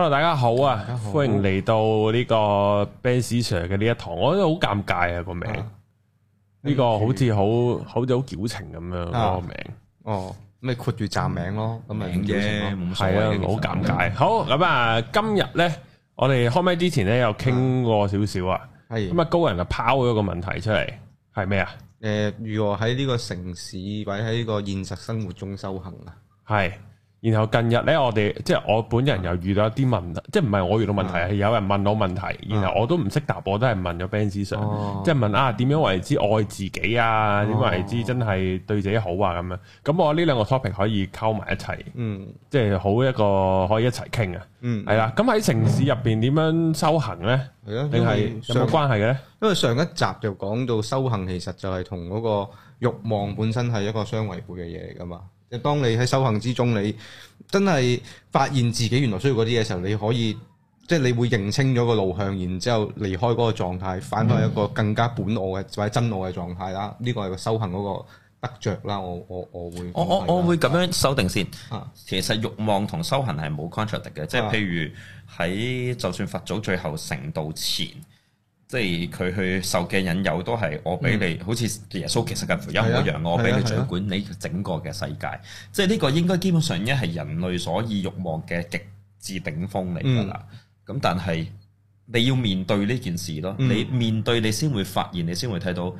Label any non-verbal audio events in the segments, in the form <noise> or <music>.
Hello，大家好啊！好歡迎嚟到呢個 Benz Sir 嘅呢一堂，我覺得好尷尬啊，個，啊個名，呢個好似好好似好矯情咁樣個名哦，咩括住站名咯，咁啊唔矯情咯，唔係字 Yeah, 啊，好實尷尬。好咁啊，今日咧，我哋開咪之前咧，有傾過少少啊，係咁啊，高人就拋咗個問題出嚟，係咩啊？誒、呃，如何喺呢個城市或者喺呢個現實生活中修行啊？係。然後近日咧，我哋即係我本人又遇到一啲問題，即係唔係我遇到問題，係是有人問我問題，然後我都唔識答，我都係問咗 Benz Sir，即係問啊，點、啊、樣為之愛自己啊？點、啊、為之真係對自己好啊？咁樣，咁我呢兩個 topic 可以溝埋一齊，嗯，即係好一個可以一齊傾啊，嗯，係啦。咁喺城市入邊點樣修行咧？係咯，定係有冇關係嘅咧？因為上一集就講到修行，其實就係同嗰個慾望本身係一個相違背嘅嘢嚟噶嘛。就當你喺修行之中，你真係發現自己原來需要嗰啲嘢時候，你可以即係、就是、你會認清咗個路向，然之後離開嗰個狀態，翻返回一個更加本我嘅或者真我嘅狀態啦。呢、這個係個修行嗰個得着啦。我我我會我我我會咁樣修定先。啊、其實欲望同修行係冇 contradict 嘅，即係譬如喺就算佛祖最後成道前。即係佢去受嘅引誘，都係我俾你好似耶穌其實近乎一模一樣，啊、我俾你掌管你整個嘅世界。啊啊、即係呢個應該基本上一係人類所以慾望嘅極致頂峰嚟㗎啦。咁、嗯、但係你要面對呢件事咯，嗯、你面對你先會發現，你先會睇到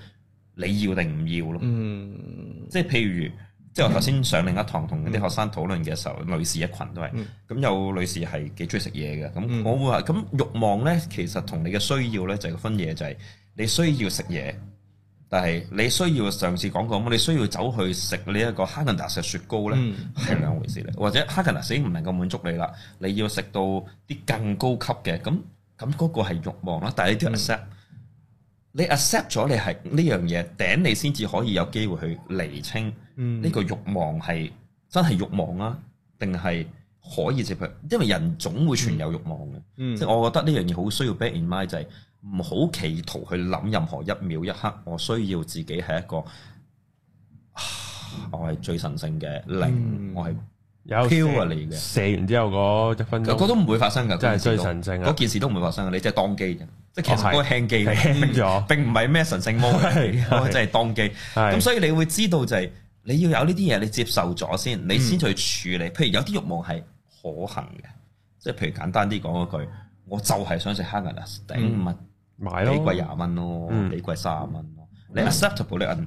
你要定唔要咯。嗯，即係譬如。即係我頭先上另一堂同啲學生討論嘅時候，嗯、女士一群都係，咁有女士係幾中意食嘢嘅，咁、嗯、我會話，咁慾望咧，其實同你嘅需要咧就係、是、個分野。就係你需要食嘢，但係你需要上次講過咁，你需要走去食呢一個哈根達斯雪糕咧，係、嗯、兩回事嚟。或者哈根達斯已經唔能夠滿足你啦，你要食到啲更高級嘅，咁咁嗰個係慾望啦，但係呢啲你 accept 咗你係呢樣嘢頂，你先至可以有機會去釐清呢個慾望係真係慾望啊，定係可以接？只不過因為人總會存有慾望嘅，嗯、即係我覺得呢樣嘢好需要 bear in mind 就係唔好企圖去諗任何一秒一刻，我需要自己係一個我係最神聖嘅靈，嗯、我係有射嚟嘅射完之後個一分鐘，嗰都唔會發生㗎，真係最神聖嗰件事都唔會發生嘅，你即係當機嘅。其實嗰個輕機咗，並唔係咩神聖魔，是我係真係當機。咁所以你會知道就係你要有呢啲嘢，你接受咗先，你先去處理。嗯、譬如有啲欲望係可行嘅，即係譬如簡單啲講一句，我就係想食哈根達斯啦，頂唔埋，幾貴廿蚊咯，幾貴卅蚊咯，嗯、你 acceptable 你。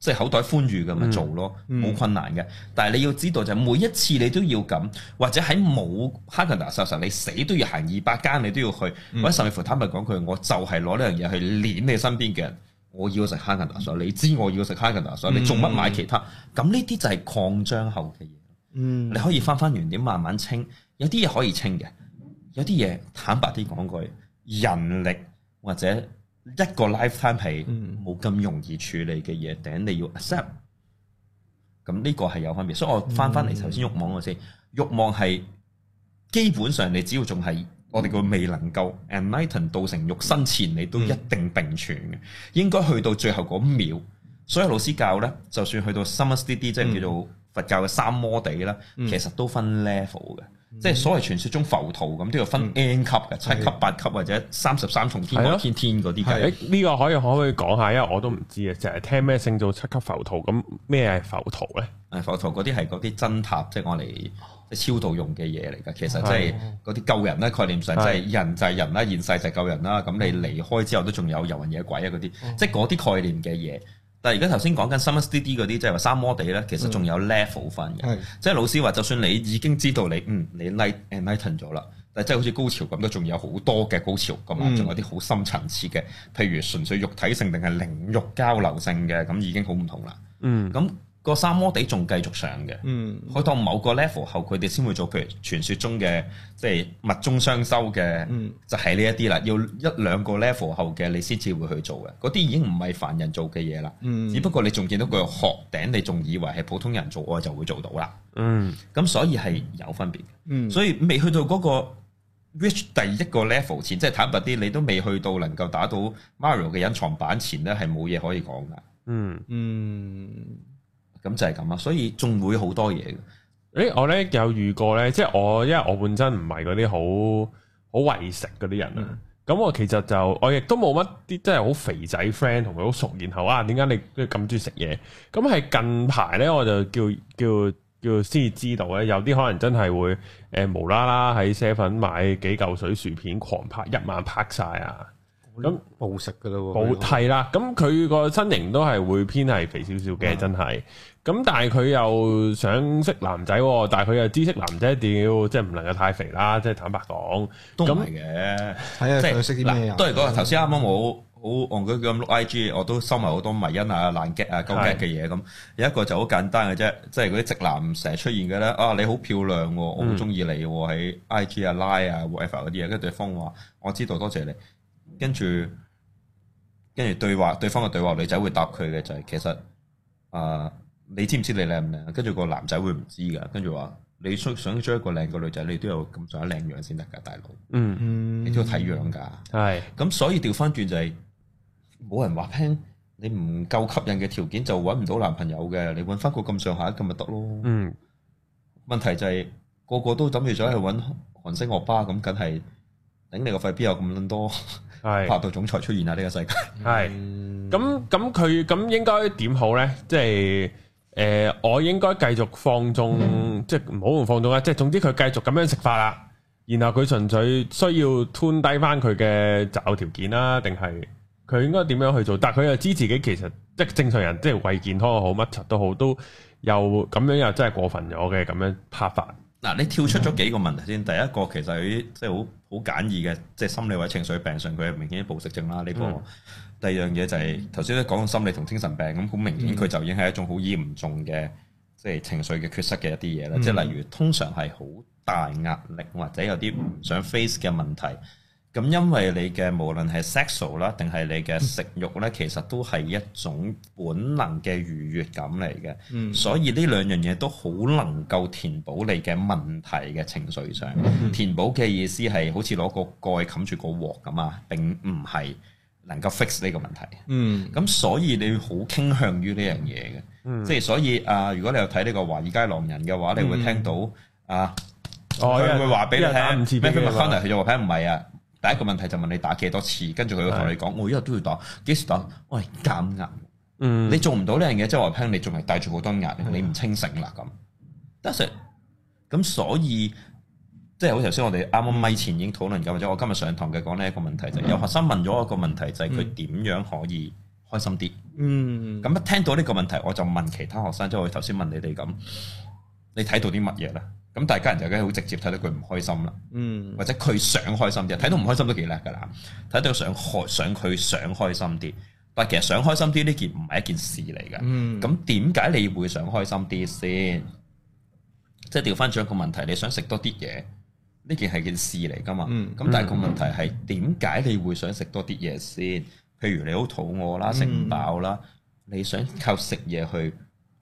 即係口袋寬裕嘅咪做咯，好、嗯、困難嘅。但係你要知道就每一次你都要咁，或者喺冇哈根達斯嘅時候，時你死都要行二百間，你都要去。嗯、或者甚至乎坦白講佢，我就係攞呢樣嘢去捏你身邊嘅人。我要食哈根達斯所你知，我要食哈根達斯所你做乜買其他？咁呢啲就係擴張後嘅嘢。嗯，你可以翻翻原點，慢慢清。有啲嘢可以清嘅，有啲嘢坦白啲講佢人力或者。一個 lifetime 係冇咁容易處理嘅嘢，第、嗯、你要 accept，咁呢個係有分別。所以我翻翻嚟頭先慾望嘅先，慾、嗯、望係基本上你只要仲係我哋個未能夠 enlighten 到成肉身前，你都一定並存嘅。應該去到最後嗰秒，所以老師教咧，就算去到 samadhi 啲，即係叫做佛教嘅三摩地啦，嗯、其實都分 level 嘅。即係所謂傳説中浮屠咁，都要分 N 級嘅，七級八級或者三十三重天，啊、天天嗰啲計。誒呢、呢個可以可以講下，因為我都唔知啊，成、就、日、是、聽咩勝造七級浮屠，咁咩係浮屠咧？誒浮屠嗰啲係嗰啲真塔，即係我哋即係超度用嘅嘢嚟嘅。其實即係嗰啲救人啦，概念上即係人就係人啦，現世就係救人啦。咁你離開之後都仲有遊魂野鬼啊嗰啲，嗯、即係嗰啲概念嘅嘢。但係而家頭先講緊 some m SDD 嗰啲，即係話三摩地咧，其實仲有 level、嗯、分嘅。係是，即係老師話，就算你已經知道你嗯你 light and lighten 咗啦，但係即係好似高潮咁，都仲有好多嘅高潮咁仲、嗯、有啲好深層次嘅，譬如純粹肉體性定係靈肉交流性嘅，咁已經好唔同啦。嗯，咁。個三摩地仲繼續上嘅，去到、嗯、某個 level 後，佢哋先會做。譬如傳說中嘅，即係物中雙修嘅，嗯、就係呢一啲啦。要一兩個 level 後嘅，你先至會去做嘅。嗰啲已經唔係凡人做嘅嘢啦。嗯、只不過你仲見到個殼頂，你仲以為係普通人做，我就會做到啦。咁、嗯、所以係有分別嘅。嗯、所以未去到嗰個 reach 第一個 level 前，即係坦白啲，你都未去到能夠打到 Mario 嘅隱藏版前咧，係冇嘢可以講㗎。嗯嗯。咁就係咁啊！所以仲會好多嘢嘅、欸。我咧有遇過咧，即係我因為我本身唔係嗰啲好好為食嗰啲人啊。咁、嗯、我其實就我亦都冇乜啲，真係好肥仔 friend 同佢好熟。然後啊，點解你咁中意食嘢？咁係近排咧，我就叫叫叫先知道咧，有啲可能真係會誒、呃、無啦啦喺 seven 買幾嚿水薯片，狂拍一晚拍晒啊！咁冇食噶啦喎，暴係不能啦。咁佢個身形都係會偏係肥少少嘅，真係。嗯咁但係佢又想識男仔，但係佢又知識男仔屌，即係唔能夠太肥啦。即係坦白講都係嘅，係啊、 <laughs> 就是，即係識啲都係嗰個頭先啱啱我好戇居居咁碌 I G，我都收埋好多迷因啊、爛激啊、勾激嘅嘢咁。是有一個就好簡單嘅啫，即係嗰啲直男成日出現嘅咧。啊，你好漂亮，我好中意你喺 I G 啊、Line 啊、WeChat 嗰啲嘢。跟住對方話，我知道，多謝你。跟住跟住對、對話，對方嘅對話，女仔會答佢嘅就係、是、其實啊。呃呃你知唔知你靚唔靚？跟住個男仔會唔知噶？跟住話你追想追一個靚嘅女仔，你都要咁上下靚樣先得噶，大佬。嗯嗯，你都要睇樣噶。係是，咁所以調翻轉就係、是、冇人話聽，你唔夠吸引嘅條件就搵唔到男朋友嘅。你搵翻個咁上下咁咪得咯。嗯，問題就係、是、個個都抌住咗去搵韓星歐巴，咁，梗係頂你個肺，邊有咁捻多霸道總裁出現喺呢個世界？係，咁咁佢咁應該點好咧？即、就、係、是。誒、呃，我應該繼續放縱，即係唔好唔放縱啦。即係總之佢繼續咁樣食法啦，然後佢純粹需要吞低翻佢嘅擇偶條件啦，定係佢應該點樣去做？但係佢又知自己其實即係正常人，即係為健康好，乜都好，都又咁樣又真係過分咗嘅咁樣拍法。嗱、啊，你跳出咗幾個問題先。嗯、第一個其實佢即係好好簡易嘅，即係心理或者情緒病上，佢係明顯暴食症啦。呢、呢個。嗯第二樣嘢就係頭先都講到心理同精神病咁，好明顯佢就已經係一種好嚴重嘅即係情緒嘅缺失嘅一啲嘢啦。嗯、即係例如通常係好大壓力或者有啲唔想 face 嘅問題，咁因為你嘅無論係 sexual 啦，定係你嘅食慾咧，嗯、其實都係一種本能嘅愉悅感嚟嘅。嗯、所以呢兩樣嘢都好能夠填補你嘅問題嘅情緒上。嗯、填補嘅意思係好似攞個蓋冚住個鑊咁啊，並唔係能夠 fix 呢個問題，咁所以你好傾向於呢樣嘢嘅，即係所以啊，如果你有睇呢個《華爾街狼人》嘅話，你會聽到啊，佢會話俾你聽，咩咩翻嚟佢就話聽唔係啊，第一個問題就問你打幾多次，跟住佢會同你講，我一日都要打幾時打？喂，減壓，你做唔到呢樣嘢，即係話聽你仲係帶住好多壓，你唔清醒啦咁。得成，咁所以。即係好頭先，我哋啱啱咪前已經討論緊，或者我今日上堂嘅講呢一個問題，就有學生問咗一個問題，就係佢點樣可以開心啲？嗯，咁、嗯、一聽到呢個問題，我就問其他學生，即係我頭先問你哋咁，你睇到啲乜嘢啦？咁大家人就梗係好直接睇到佢唔開心啦。嗯，或者佢想開心啲，睇到唔開心都幾叻㗎啦，睇到想開想佢想開心啲，但其實想開心啲呢件唔係一件事嚟嘅。嗯，咁點解你會想開心啲先？嗯、即係掉返轉一個問題，你想食多啲嘢？呢件係件事嚟噶嘛？咁、嗯、但係個問題係點解你會想食多啲嘢先？譬如你好肚餓啦，食唔飽啦，嗯、你想靠食嘢去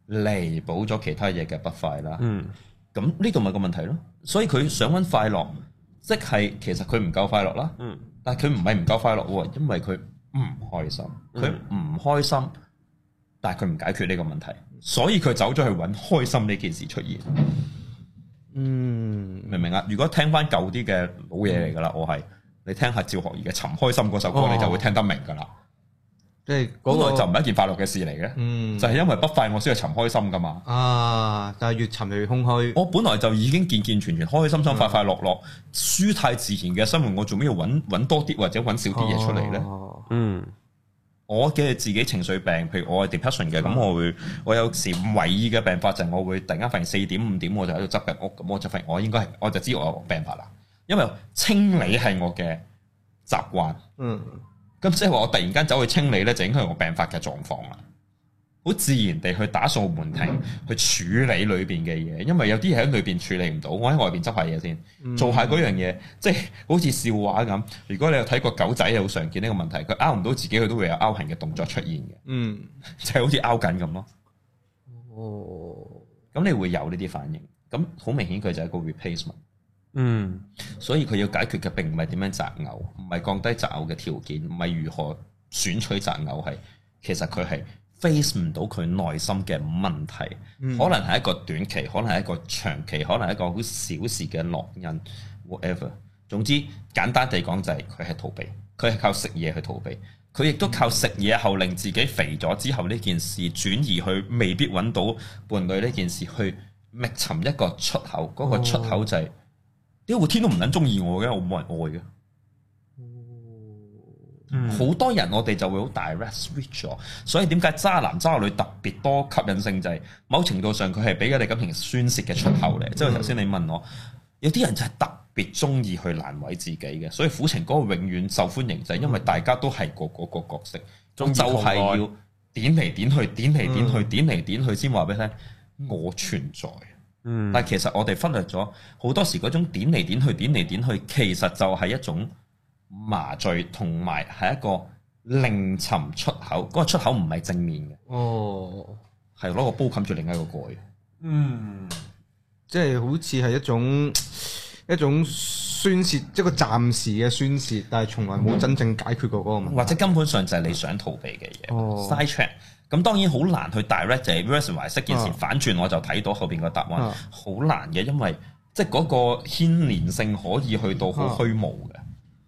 彌補咗其他嘢嘅不快啦。咁呢度咪個問題咯？所以佢想搵快樂，即係其實佢唔夠快樂啦。但係佢唔係唔夠快樂喎，因為佢唔開心，佢唔開心，但係佢唔解決呢個問題，所以佢走咗去搵開心呢、嗯、件事出現。嗯，明唔明啊？如果聽翻舊啲嘅老嘢嚟噶啦，嗯、我係你聽下趙學而嘅《尋開心》嗰首歌，哦、你就會聽得明噶啦。即係、嗰個、本來就唔係一件快樂嘅事嚟嘅，嗯，就係因為不快，我先去尋開心噶嘛。啊，但係越尋越空虛。我本來就已經健健全全、開開心心、快快樂樂、舒、嗯、泰自然嘅生活，我做咩要揾揾多啲或者揾少啲嘢出嚟咧？嗯。我嘅自己情緒病，譬如我係 depression 嘅，咁我會，我有時唯一嘅病發就係、是、我會突然間發現四點五點我就喺度執緊屋，咁我就發現我應該係我就知我有病發啦，因為清理係我嘅習慣，嗯，咁即係話我突然間走去清理咧，就應該係我病發嘅狀況啦。好自然地去打掃門庭，mm hmm. 去處理裏邊嘅嘢，因為有啲嘢喺裏邊處理唔到，我喺外邊執下嘢先，做下嗰樣嘢，mm hmm. 即係好似笑話咁。如果你有睇過狗仔，好常見呢個問題，佢拗唔到自己，佢都會有拗痕嘅動作出現嘅，嗯、mm，hmm. 就好似拗緊咁咯。哦，咁你會有呢啲反應，咁好明顯佢就係一個 replacement、mm。嗯、hmm.，所以佢要解決嘅並唔係點樣擇偶，唔係降低擇偶嘅條件，唔係如何選取擇偶，係，其實佢係。face 唔到佢內心嘅問題，嗯、可能係一個短期，可能係一個長期，可能係一個好小事嘅烙印，whatever。總之簡單地講就係佢係逃避，佢係靠食嘢去逃避，佢亦都靠食嘢後令自己肥咗之後呢件事轉移去，未必揾到伴侶呢件事去覓尋一個出口，嗰、那個出口就係點解會天都唔撚中意我嘅？我冇人愛嘅。好、嗯、多人我哋就會好 direct switch 所以點解渣男渣女特別多吸引性就係、是、某程度上佢係俾佢哋感情宣泄嘅出口嚟即係頭先你問我，有啲人就係特別中意去難為自己嘅，所以苦情歌永遠受歡迎就係、是、因為大家都係個個,個個角色，就係要點嚟點去，點嚟點去，點嚟點去先話俾你聽我存在。嗯，但係其實我哋忽略咗好多時嗰種點嚟點去，點嚟點去，其實就係一種。麻醉同埋係一個另尋出口，嗰個出口唔係正面嘅，哦，係攞個煲冚住另一個蓋，嗯，即係好似係一種一種宣洩，即係、一個暫時嘅宣洩，但係從來冇真正解決過個問題，嗯、或者根本上就係你想逃避嘅嘢、哦、side track 咁當然好難去 direct 就係 version、er、化識件事，啊、反轉我就睇到後邊個答案，好、啊、難嘅，因為即係、即係、個牽連性可以去到好虛無嘅。啊啊啊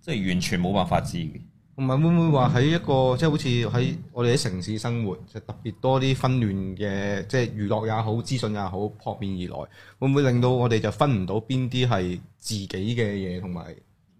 即係完全冇辦法治嘅。唔係會唔會話喺一個、嗯、即係好似喺我哋喺城市生活，就、嗯、特別多啲紛亂嘅，即係娛樂也好，資訊也好，撲面而來。會唔會令到我哋就分唔到邊啲係自己嘅嘢，同埋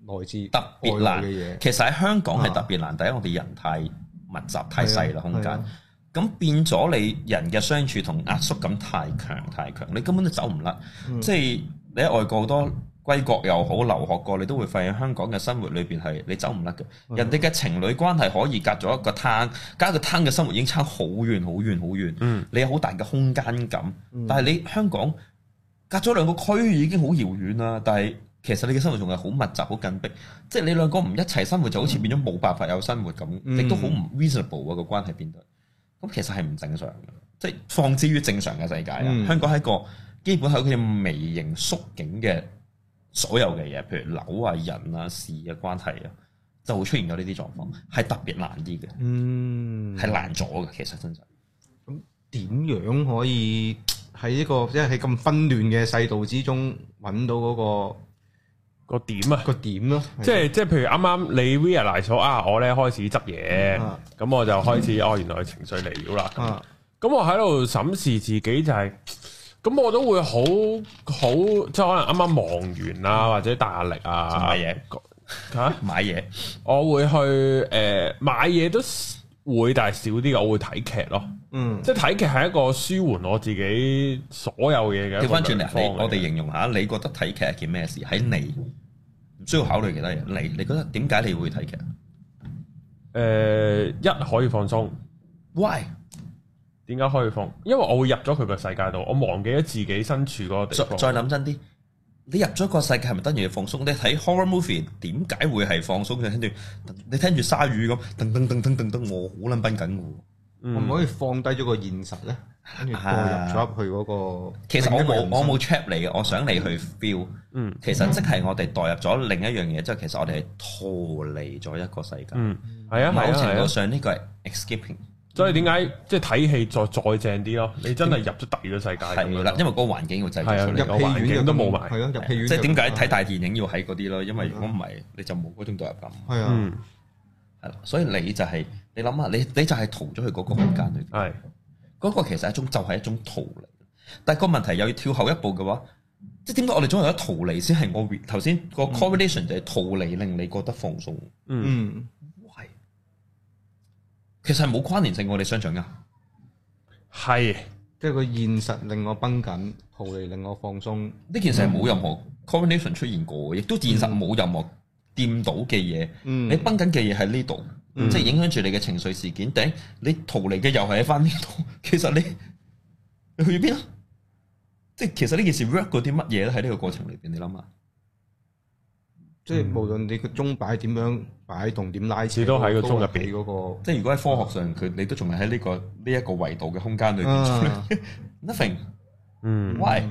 外來特別難嘅嘢？其實喺香港係特別難。第一，啊、我哋人太密集，太細啦空間。咁、啊、變咗你人嘅相處同壓縮感太強太強，你根本都走唔甩。嗯、即係你喺外國好多。歸國又好，留學過你都會發現香港嘅生活裏邊係你走唔甩嘅。人哋嘅情侶關係可以隔咗一個灘，加個灘嘅生活已經差好遠好遠好遠。遠遠嗯，你有好大嘅空間感，但係你香港隔咗兩個區已經好遙遠啦。但係其實你嘅生活仲係好密集、好緊迫，即係你兩個唔一齊生活，就好似變咗冇辦法有生活咁，亦、嗯、都好唔 visible 啊、個關係變得。咁其實係唔正常嘅，即係放置於正常嘅世界啊。嗯、香港係一個基本係一個微型縮景嘅。所有嘅嘢，譬如樓啊、人啊、事嘅關係啊，就會出現咗呢啲狀況，係特別難啲嘅，嗯，係難咗嘅。其實真真，咁點、嗯、樣可以喺呢個即係喺咁紛亂嘅世道之中揾到嗰、那個個點啊，啊個點咯、啊，即係即係譬如啱啱你 realize 咗啊，我咧開始執嘢，咁、啊、我就開始哦，嗯、原來情緒嚟咗啦，咁、啊啊、我喺度審視自己就係、是。咁我都會好好，即係可能啱啱忙完啦，或者大壓力啊，買嘢吓，啊、買嘢，我會去誒、呃、買嘢都會，但係少啲嘅，我會睇劇咯。嗯，即係睇劇係一個舒緩我自己所有嘢嘅。翻全方，我哋形容下，你覺得睇劇係件咩事？喺你唔需要考慮其他嘢，你你覺得點解你會睇劇？誒、呃，一可以放鬆。Why？點解可以放？因為我會入咗佢個世界度，我忘記咗自己身處嗰個地方。再諗真啲，你入咗個世界係咪等於要放鬆？你睇 horror movie，點解會係放鬆？佢聽住，你聽住鯊魚咁，噔噔，噔噔噔噔噔噔，我好捻繃緊嘅。唔、嗯、可以放低咗個現實咧？代入咗去嗰個、啊，其實我冇我冇 check 你嘅，我想你去 feel、嗯。嗯其，其實即係我哋代入咗另一樣嘢，即係其實我哋係脫離咗一個世界。嗯，啊，係啊。某程度上呢個係 escaping。所以點解即係睇戲再再正啲咯？你真係入咗第二個世界㗎啦，因為嗰個環境要製造出嚟個環境都冇埋。係咯，入戲院，入戲院。即係點解睇大電影要喺嗰啲咯？因為如果唔係，的你就冇嗰種代入感。係啊的，係啦。所以你就係你諗下，你想想你，你就係逃咗去嗰個空間裏邊。係嗰的的個其實一種，就係、是、一種逃離。但係個問題又要跳後一步嘅話，即係點解我哋總係得逃離先係我？頭先個 correlation 就係逃離，令你覺得放鬆。的嗯。其實係冇關聯性嘅，我哋商場噶係，即係個現實令我繃緊，逃離令我放鬆。呢件事係冇任何 combination 出現過，亦都現實冇任何掂到嘅嘢。嗯、你繃緊嘅嘢喺呢度，嗯、即係影響住你嘅情緒事件。頂你逃離嘅又係喺翻呢度。其實你你去咗邊啊？即係其實呢件事 work 過啲乜嘢咧？喺呢個過程裏邊，你諗下。即係無論你鐘擺擺個鐘擺點樣擺同點拉扯，你都喺個鐘入邊嗰個。即係如果喺科學上，佢你都仲係喺呢個呢一個維度嘅空間裏邊。Nothing、哦會會。嗯。喂，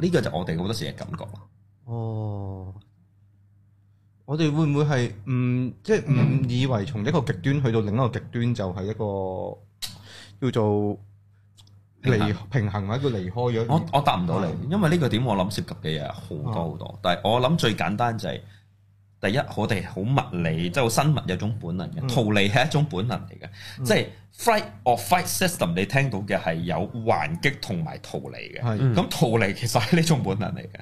呢個就我哋好多時嘅感覺咯。哦。我哋會唔會係唔即係唔以為從一個極端去到另一個極端就係一個叫做？離平衡係一個離開咗，我我答唔到你，的因為呢個點我諗涉及嘅嘢好多好多。的但係我諗最簡單就係、是，第一我哋好物理，即、就、係、是、生物有種本能嘅，逃離係一種本能嚟嘅，即係、嗯嗯、fight or flight system。你聽到嘅係有還擊同埋逃離嘅，咁的、嗯、逃離其實係呢種本能嚟嘅。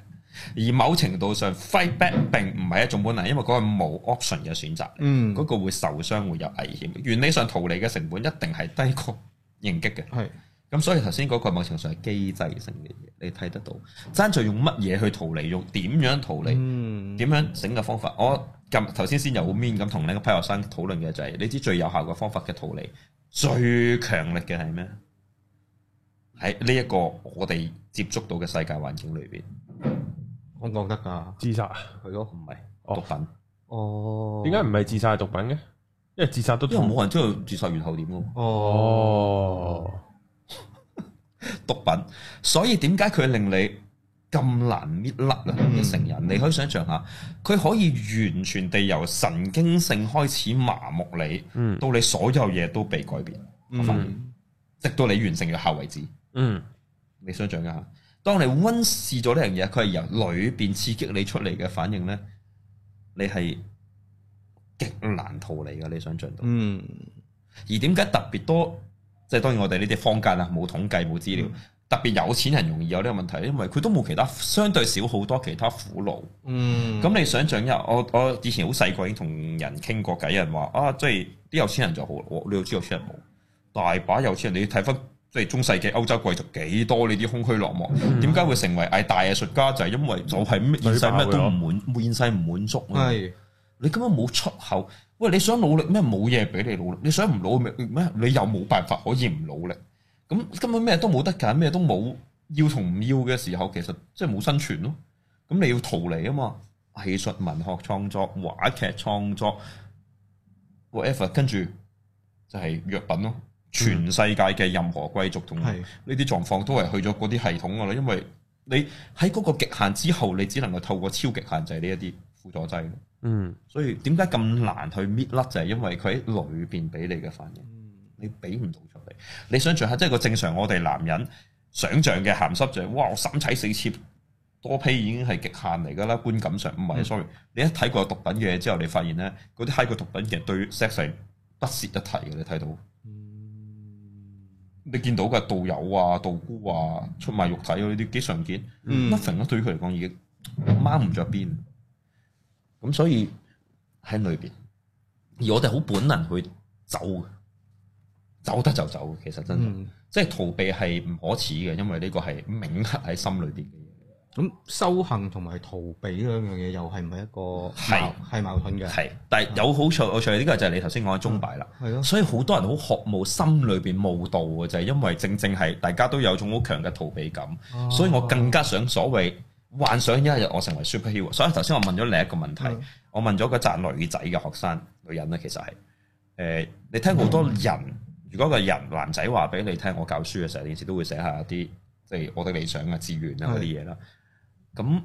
而某程度上，fight back 並唔係一種本能，因為嗰個冇 option 嘅選擇，嗯，嗰個會受傷會有危險。原理上，逃離嘅成本一定係低過迎擊嘅，係的。咁所以頭先嗰個某程度係機制性嘅嘢，你睇得到。爭在用乜嘢去逃離，用點樣逃離，點、嗯、樣整個方法？我咁頭先先有面咁同另一批學生討論嘅就係、是，你知最有效嘅方法嘅逃離，最強力嘅係咩？喺呢一個我哋接觸到嘅世界環境裏邊，我講得㗎，自殺係咯，唔係、哦、毒品。哦，點解唔係自殺係毒品嘅？因為自殺都因為冇人知道自殺完後點㗎。哦。毒品，所以點解佢令你咁難搣甩啊？成人、嗯，你可以想象下，佢可以完全地由神經性開始麻木你，嗯、到你所有嘢都被改變、嗯，直到你完成咗後為止。嗯、你想象一下，當你溫試咗呢樣嘢，佢係由裏邊刺激你出嚟嘅反應呢，你係極難逃離噶。你想象到，嗯、而點解特別多？即係當然，我哋呢啲坊間啦，冇統計，冇資料。嗯、特別有錢人容易有呢個問題，因為佢都冇其他，相對少好多其他苦勞。嗯。咁你想象一下，我我以前好細個已經同人傾過偈，人話啊，即係啲有錢人就好，我呢度知有錢人冇，大把有錢人。你要睇翻，即係中世紀歐洲貴族幾多呢啲空虛落寞？點解、嗯、會成為誒大藝術家？就係、是、因為就係現世咩都唔滿，現世唔滿足。係的。你根本冇出口。喂，你想努力咩？冇嘢俾你努力。你想唔努力咩？你又冇辦法可以唔努力。咁根本咩都冇得揀，咩都冇。要同唔要嘅時候，其實即係冇生存咯。咁你要逃離啊嘛。藝術、文學創作、話劇創作，whatever，跟住就係藥品咯。全世界嘅任何貴族同呢啲狀況都係去咗嗰啲系統噶啦，因為你喺嗰個極限之後，你只能夠透過超極限就係呢一啲。輔助劑。嗯，所以點解咁難去搣甩就係、是、因為佢喺裏邊俾你嘅反應，你俾唔到出嚟。你想象下，即、就、係、是、個正常我哋男人想象嘅鹹濕就係、是、哇，我三妻四妾多批已經係極限嚟噶啦，觀感上唔係，sorry，你一睇過毒品嘅之後，你發現咧嗰啲嗨過毒品嘅對 sex 係不屑一提嘅，你睇到，嗯，你見到嘅道友啊、道姑啊出賣肉體啊啲幾常見、嗯、，nothing 咯，對於佢嚟講已經掹唔着邊。媽媽咁所以喺裏邊，而我哋好本能去走，走得就走。其實真係，嗯、即係逃避係唔可恥嘅，因為呢個係銘刻喺心裏邊嘅嘢。咁修行同埋逃避呢兩樣嘢，又係唔係一個係係是矛盾嘅？係，但係有好處。有好處呢個就係你頭先講嘅鐘擺啦。係咯、嗯。所以好多人好渴望心裏邊悟道嘅，就係、是、因為正正係大家都有種好強嘅逃避感。哦、所以我更加想所謂。幻想一日我成為 Superhero，所以頭先我問咗你一個問題，的我問咗個集女仔嘅學生女人咧，其實係誒、呃、你聽好多人，的如果個人男仔話俾你聽，我教書嘅時候，以前都會寫下一啲即係我的理想啊、志願啊嗰啲嘢啦。咁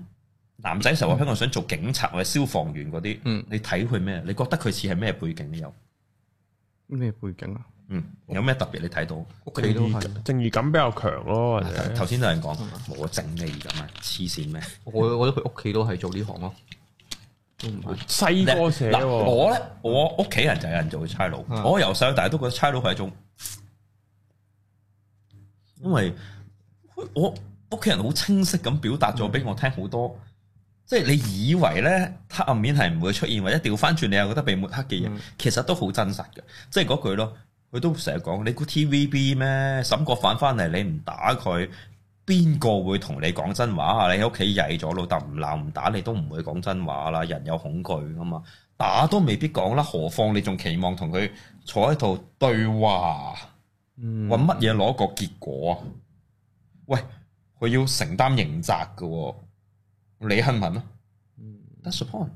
男仔成日話香港想做警察或者消防員嗰啲，嗯的，你睇佢咩？你覺得佢似係咩背景咧？有咩背景啊？嗯，有咩特別，你睇到屋企都係正義感比較強咯。頭先有人講冇嗎正義感啊，黐線咩？我覺得佢屋企都係做呢行咯，都唔係細個寫。嗱我咧，我屋企人就有人做差佬。嗯、我由細到大都覺得差佬係一種，因為我屋企人好清晰咁表達咗俾我聽好多，即係你以為咧，黑暗面係唔會出現，或者調翻轉你又覺得被抹黑嘅嘢，嗯、其實都好真實嘅。即係嗰句咯。佢都成日講你估 TVB 咩？沈國反翻嚟你唔打佢，邊個會同你講真話啊？你喺屋企曳咗老豆唔鬧唔打你都唔會講真話啦。人有恐懼噶嘛，打都未必講啦，何況你仲期望同佢坐喺度對話，揾乜嘢攞個結果？喂，佢要承擔刑責噶喎，李慶民咯，得唔得？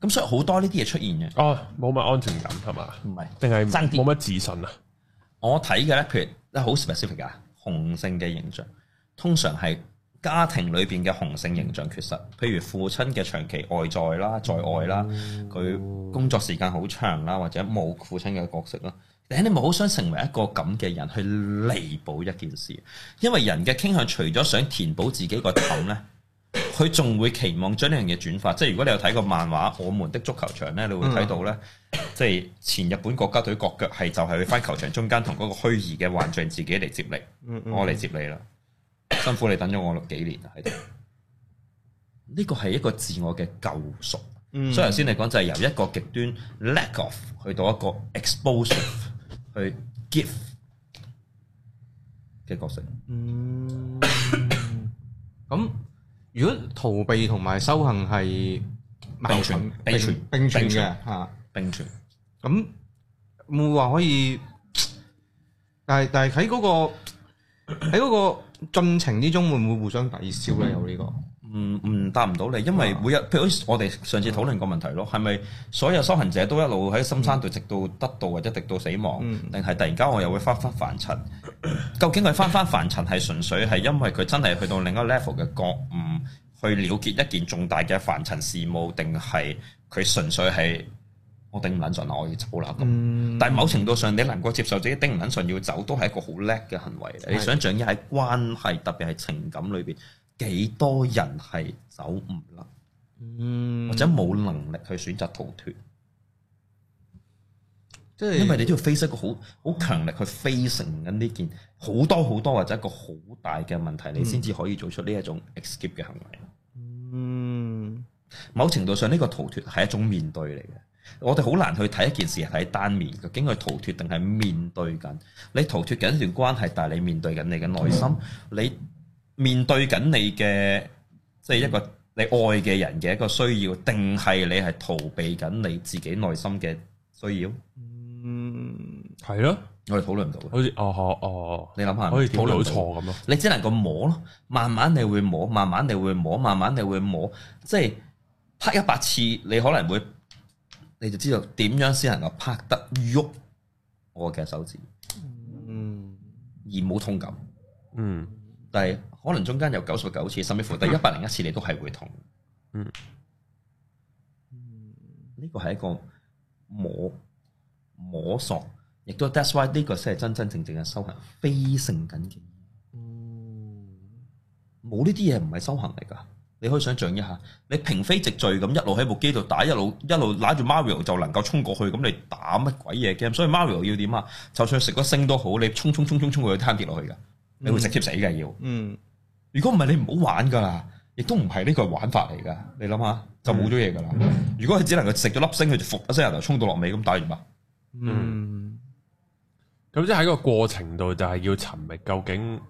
咁所以好多呢啲嘢出現嘅，哦，冇乜安全感係嘛？唔係是，定係冇乜自信啊？點我睇嘅咧，譬如好 specific 啊，雄性嘅形象，通常係家庭裏邊嘅雄性形象缺失，譬如父親嘅長期外在啦，在外啦，佢、哦、工作時間好長啦，或者冇父親嘅角色啦，你係你咪好想成為一個咁嘅人去彌補一件事，因為人嘅傾向除咗想填補自己個氹咧。 <coughs> 佢仲會期望將呢樣嘢轉化，即係如果你有睇過漫畫《我們的足球場》呢你會睇到呢，嗯、即係前日本國家隊國腳係就係去翻球場中間同嗰個虛擬嘅幻象自己嚟接力，我嚟接你啦，嗯嗯，辛苦你等咗我六幾年喺度。呢個係一個自我嘅救贖，所以頭先嚟講就係由一個極端 lack of 去到一個 exposure 去 give 嘅角色。嗯，咁、嗯。嗯嗯 <laughs> 嗯如果逃避同埋修行係並存並存並存嘅吓並存咁會話可以，但係但係喺、嗰個喺嗰個進程之中，會唔會互相抵消咧？嗯、有呢、這個。唔唔、嗯、答唔到你，因為每日譬如好似我哋上次討論個問題咯，係咪、嗯、所有修行者都一路喺深山度，直到得到，或者直到死亡，定係、嗯、突然間我又會翻返凡塵？究竟佢翻返凡塵係純粹係因為佢真係去到另一個 level 嘅覺悟，去了結一件重大嘅凡塵事務，定係佢純粹係我頂唔撚順，我要走啦？咁、嗯、但係某程度上，你能夠接受自己頂唔撚順要走，都係一個好叻嘅行為。你想象一喺關係，特別係情感裏邊。幾多人係走唔甩，嗯、或者冇能力去選擇逃脫？即係因為你都要 face 一個好好強力去 face 成緊呢件好多好多或者一個好大嘅問題，嗯、你先至可以做出呢一種 escape 嘅行為。嗯，某程度上呢個逃脫係一種面對嚟嘅，我哋好難去睇一件事係喺單面嘅，究竟佢逃脫定係面對緊？你逃脫緊一段關係，但係你面對緊你嘅內心，嗯、你。面對緊你嘅，即係一個你愛嘅人嘅一個需要，定係你係逃避緊你自己內心嘅需要？嗯，係咯，我哋討論唔到好似哦哦你諗下，可以討論到錯咁咯。嗯、你只能夠摸咯，慢慢你會摸，慢慢你會摸，慢慢你會摸，即係拍一百次，你可能會你就知道點樣先能夠拍得喐我嘅手指，嗯，而冇痛感，嗯，但係。可能中間有九十九次，甚至乎第一百零一次，你都係會痛。嗯，呢個係一個摸摸索，亦都 that's why 呢個先係真真正正嘅修行，非、嗯、常緊要。嗯，冇呢啲嘢唔係修行嚟噶。你可以想象一下，你平飛直墜咁一路喺部機度打，一路一路攬住 Mario 就能夠衝過去。咁你打乜鬼嘢 game？所以 Mario 要點啊？就算食個星都好，你衝衝衝衝衝過去攤跌落去噶，你會直接死嘅要。嗯。嗯。如果唔係，你唔好玩噶啦，亦都唔係呢個玩法嚟噶。你諗下就冇咗嘢噶啦。嗯、如果佢只能夠食咗粒星，佢就伏一升人頭，衝到落尾咁，大唔大？嗯，咁、嗯、即係喺個過程度就係要尋覓究竟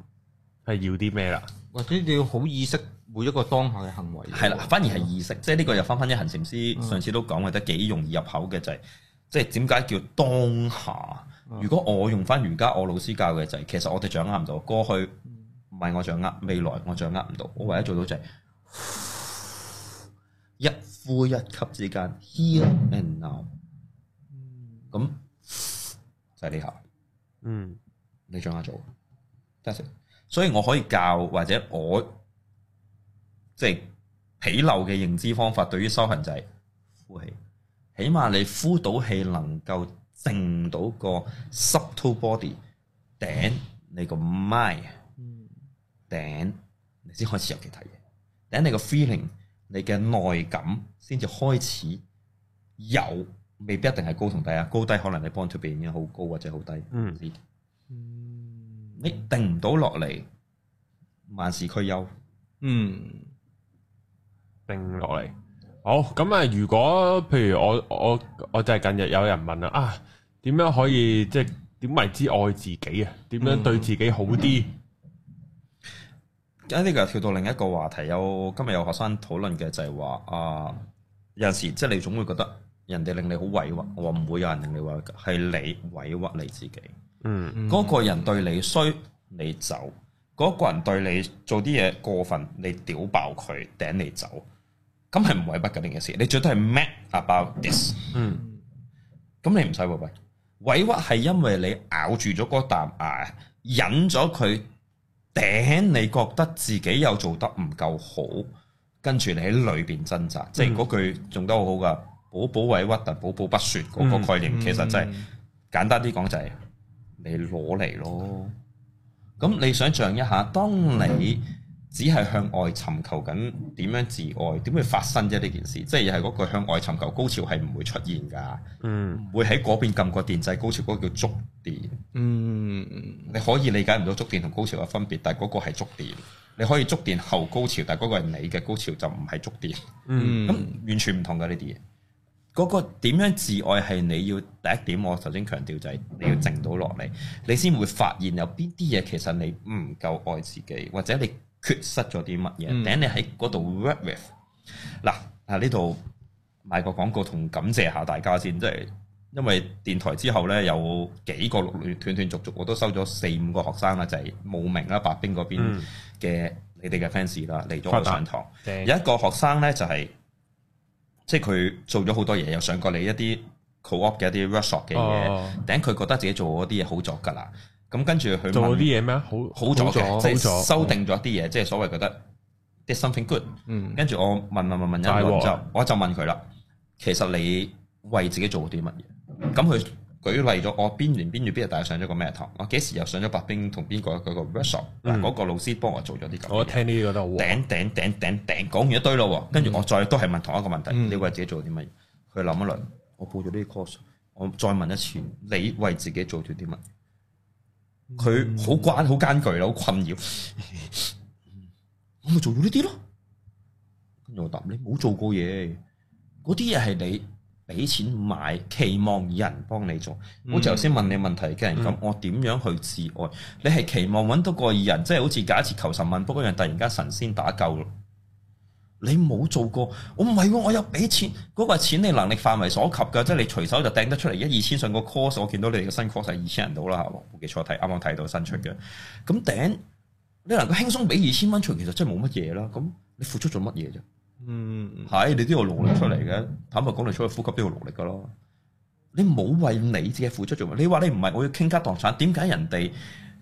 係要啲咩啦，或者你要好意識每一個當下嘅行為。係啦、嗯啊，反而係意識，嗯、即係呢個又翻翻一行禪師上次都講，覺得幾容易入口嘅就係、是，即係點解叫當下？嗯、如果我用翻瑜伽我老師教嘅就係、是，其實我哋掌握唔到過去。唔係我掌握，未來我掌握唔到。我唯一做到就係一呼一吸之間，here and now。咁就係、是、呢下。嗯，你掌握咗。得成，所以我可以教或者我即係起流嘅認知方法。對於修行就係呼氣，起碼你呼到氣能夠正到個 subtle body 頂你個 mind 頂，你先開始有其他嘢。頂你個 feeling，你嘅內感先至開始有，未必一定係高同低啊。高低可能你 bound 出邊已經好高或者好低。嗯，你定唔到落嚟，萬事俱憂。嗯，定落嚟。好，咁啊，如果譬如我我我就係近日有人問啦，啊，點樣可以即係點為之愛自己啊？點樣對自己好啲？呢個又跳到另一個話題，有，有今日有學生討論嘅就係話啊，有陣時即係你總會覺得人哋令你好委屈，我唔會有人令你委屈，係你委屈你自己。嗯，嗰、嗯、個人對你衰，你走；嗰、嗯、個人對你做啲嘢過分，你屌爆佢頂你走，咁係唔委屈嘅一件事。你最多係 mad about this。嗯，咁你唔使委屈，委屈係因為你咬住咗嗰啖牙，忍咗佢。頂你覺得自己又做得唔夠好，跟住你喺裏邊掙扎，嗯、即係嗰句用得好好㗎，寶寶委屈但寶寶不說嗰個概念。嗯、其實真、就、係、是、簡單啲講就係、是、你攞嚟咯。咁你想像一下，當你、嗯只係向外尋求緊點樣自愛，點會發生啫？呢件事，即係又係嗰個向外尋求高潮係唔會出現㗎。嗯，會喺嗰邊撳個電掣高潮，嗰個叫觸電。嗯，你可以理解唔到觸電同高潮嘅分別，但係嗰個係觸電。你可以觸電後高潮，但係嗰個係你嘅高潮就唔係觸電。嗯，咁、嗯、完全唔同㗎呢啲嘢。嗰、嗰個點樣自愛係你要第一點，我頭先強調就係你要靜到落嚟，嗯、你先會發現有邊啲嘢其實你唔夠愛自己，或者你。缺失咗啲乜嘢？嗯、等你喺嗰度 work with 嗱，喺呢度買個廣告同感謝下大家先，即係因為電台之後咧，有幾個段斷斷續續，我都收咗四五個學生啦，就係、是、慕名啦、白兵嗰邊嘅你哋嘅 fans 啦嚟咗我上堂。的有一個學生咧就係、是、即係佢做咗好多嘢，又上過你一啲 co-op 嘅一啲 workshop 嘅嘢，等佢覺得自己做嗰啲嘢好作㗎啦。咁跟住佢做啲嘢咩？好好咗嘅，即係修訂咗啲嘢，即係所謂覺得 there's something good。嗯，跟住我問問問問一問就，我就問佢啦。其實你為自己做啲乜嘢？咁佢舉例咗，我邊年邊月邊日大上咗個咩堂？我幾時又上咗白兵同邊個嗰個 workshop 嗱，嗰個老師幫我做咗啲咁。我聽呢個都好。頂頂頂頂頂，講完一堆咯。跟住我再都係問同一個問題：你為自己做啲乜嘢？佢諗一諗，我報咗啲 course，我再問一次：你為自己做咗啲乜？佢好關好艱巨、嗯、咯，好困擾，我咪做到呢啲咯。跟住我答你，冇做過嘢，嗰啲嘢係你俾錢買，期望異人幫你做。嗯、好似頭先問你問題嘅人咁，嗯、我點樣去自愛？你係期望揾到個異人，即、就、係、是、好似假設求神問卜一樣，突然間神仙打救咯。你冇做過，我唔係喎，我有俾錢，嗰個錢，你、那個、能力範圍所及嘅，即係你隨手就掟得出嚟一二千上個 course，我見到你哋嘅新 course 係二千人到啦，冇記錯睇啱啱睇到新出嘅，咁掟你能夠輕鬆俾二千蚊出，其實真係冇乜嘢啦。咁你付出咗乜嘢啫？嗯，係你都要努力出嚟嘅，嗯、坦白講你出去呼吸都要努力嘅咯。你冇為你自己付出做乜？你話你唔係我要傾家蕩產，點解人哋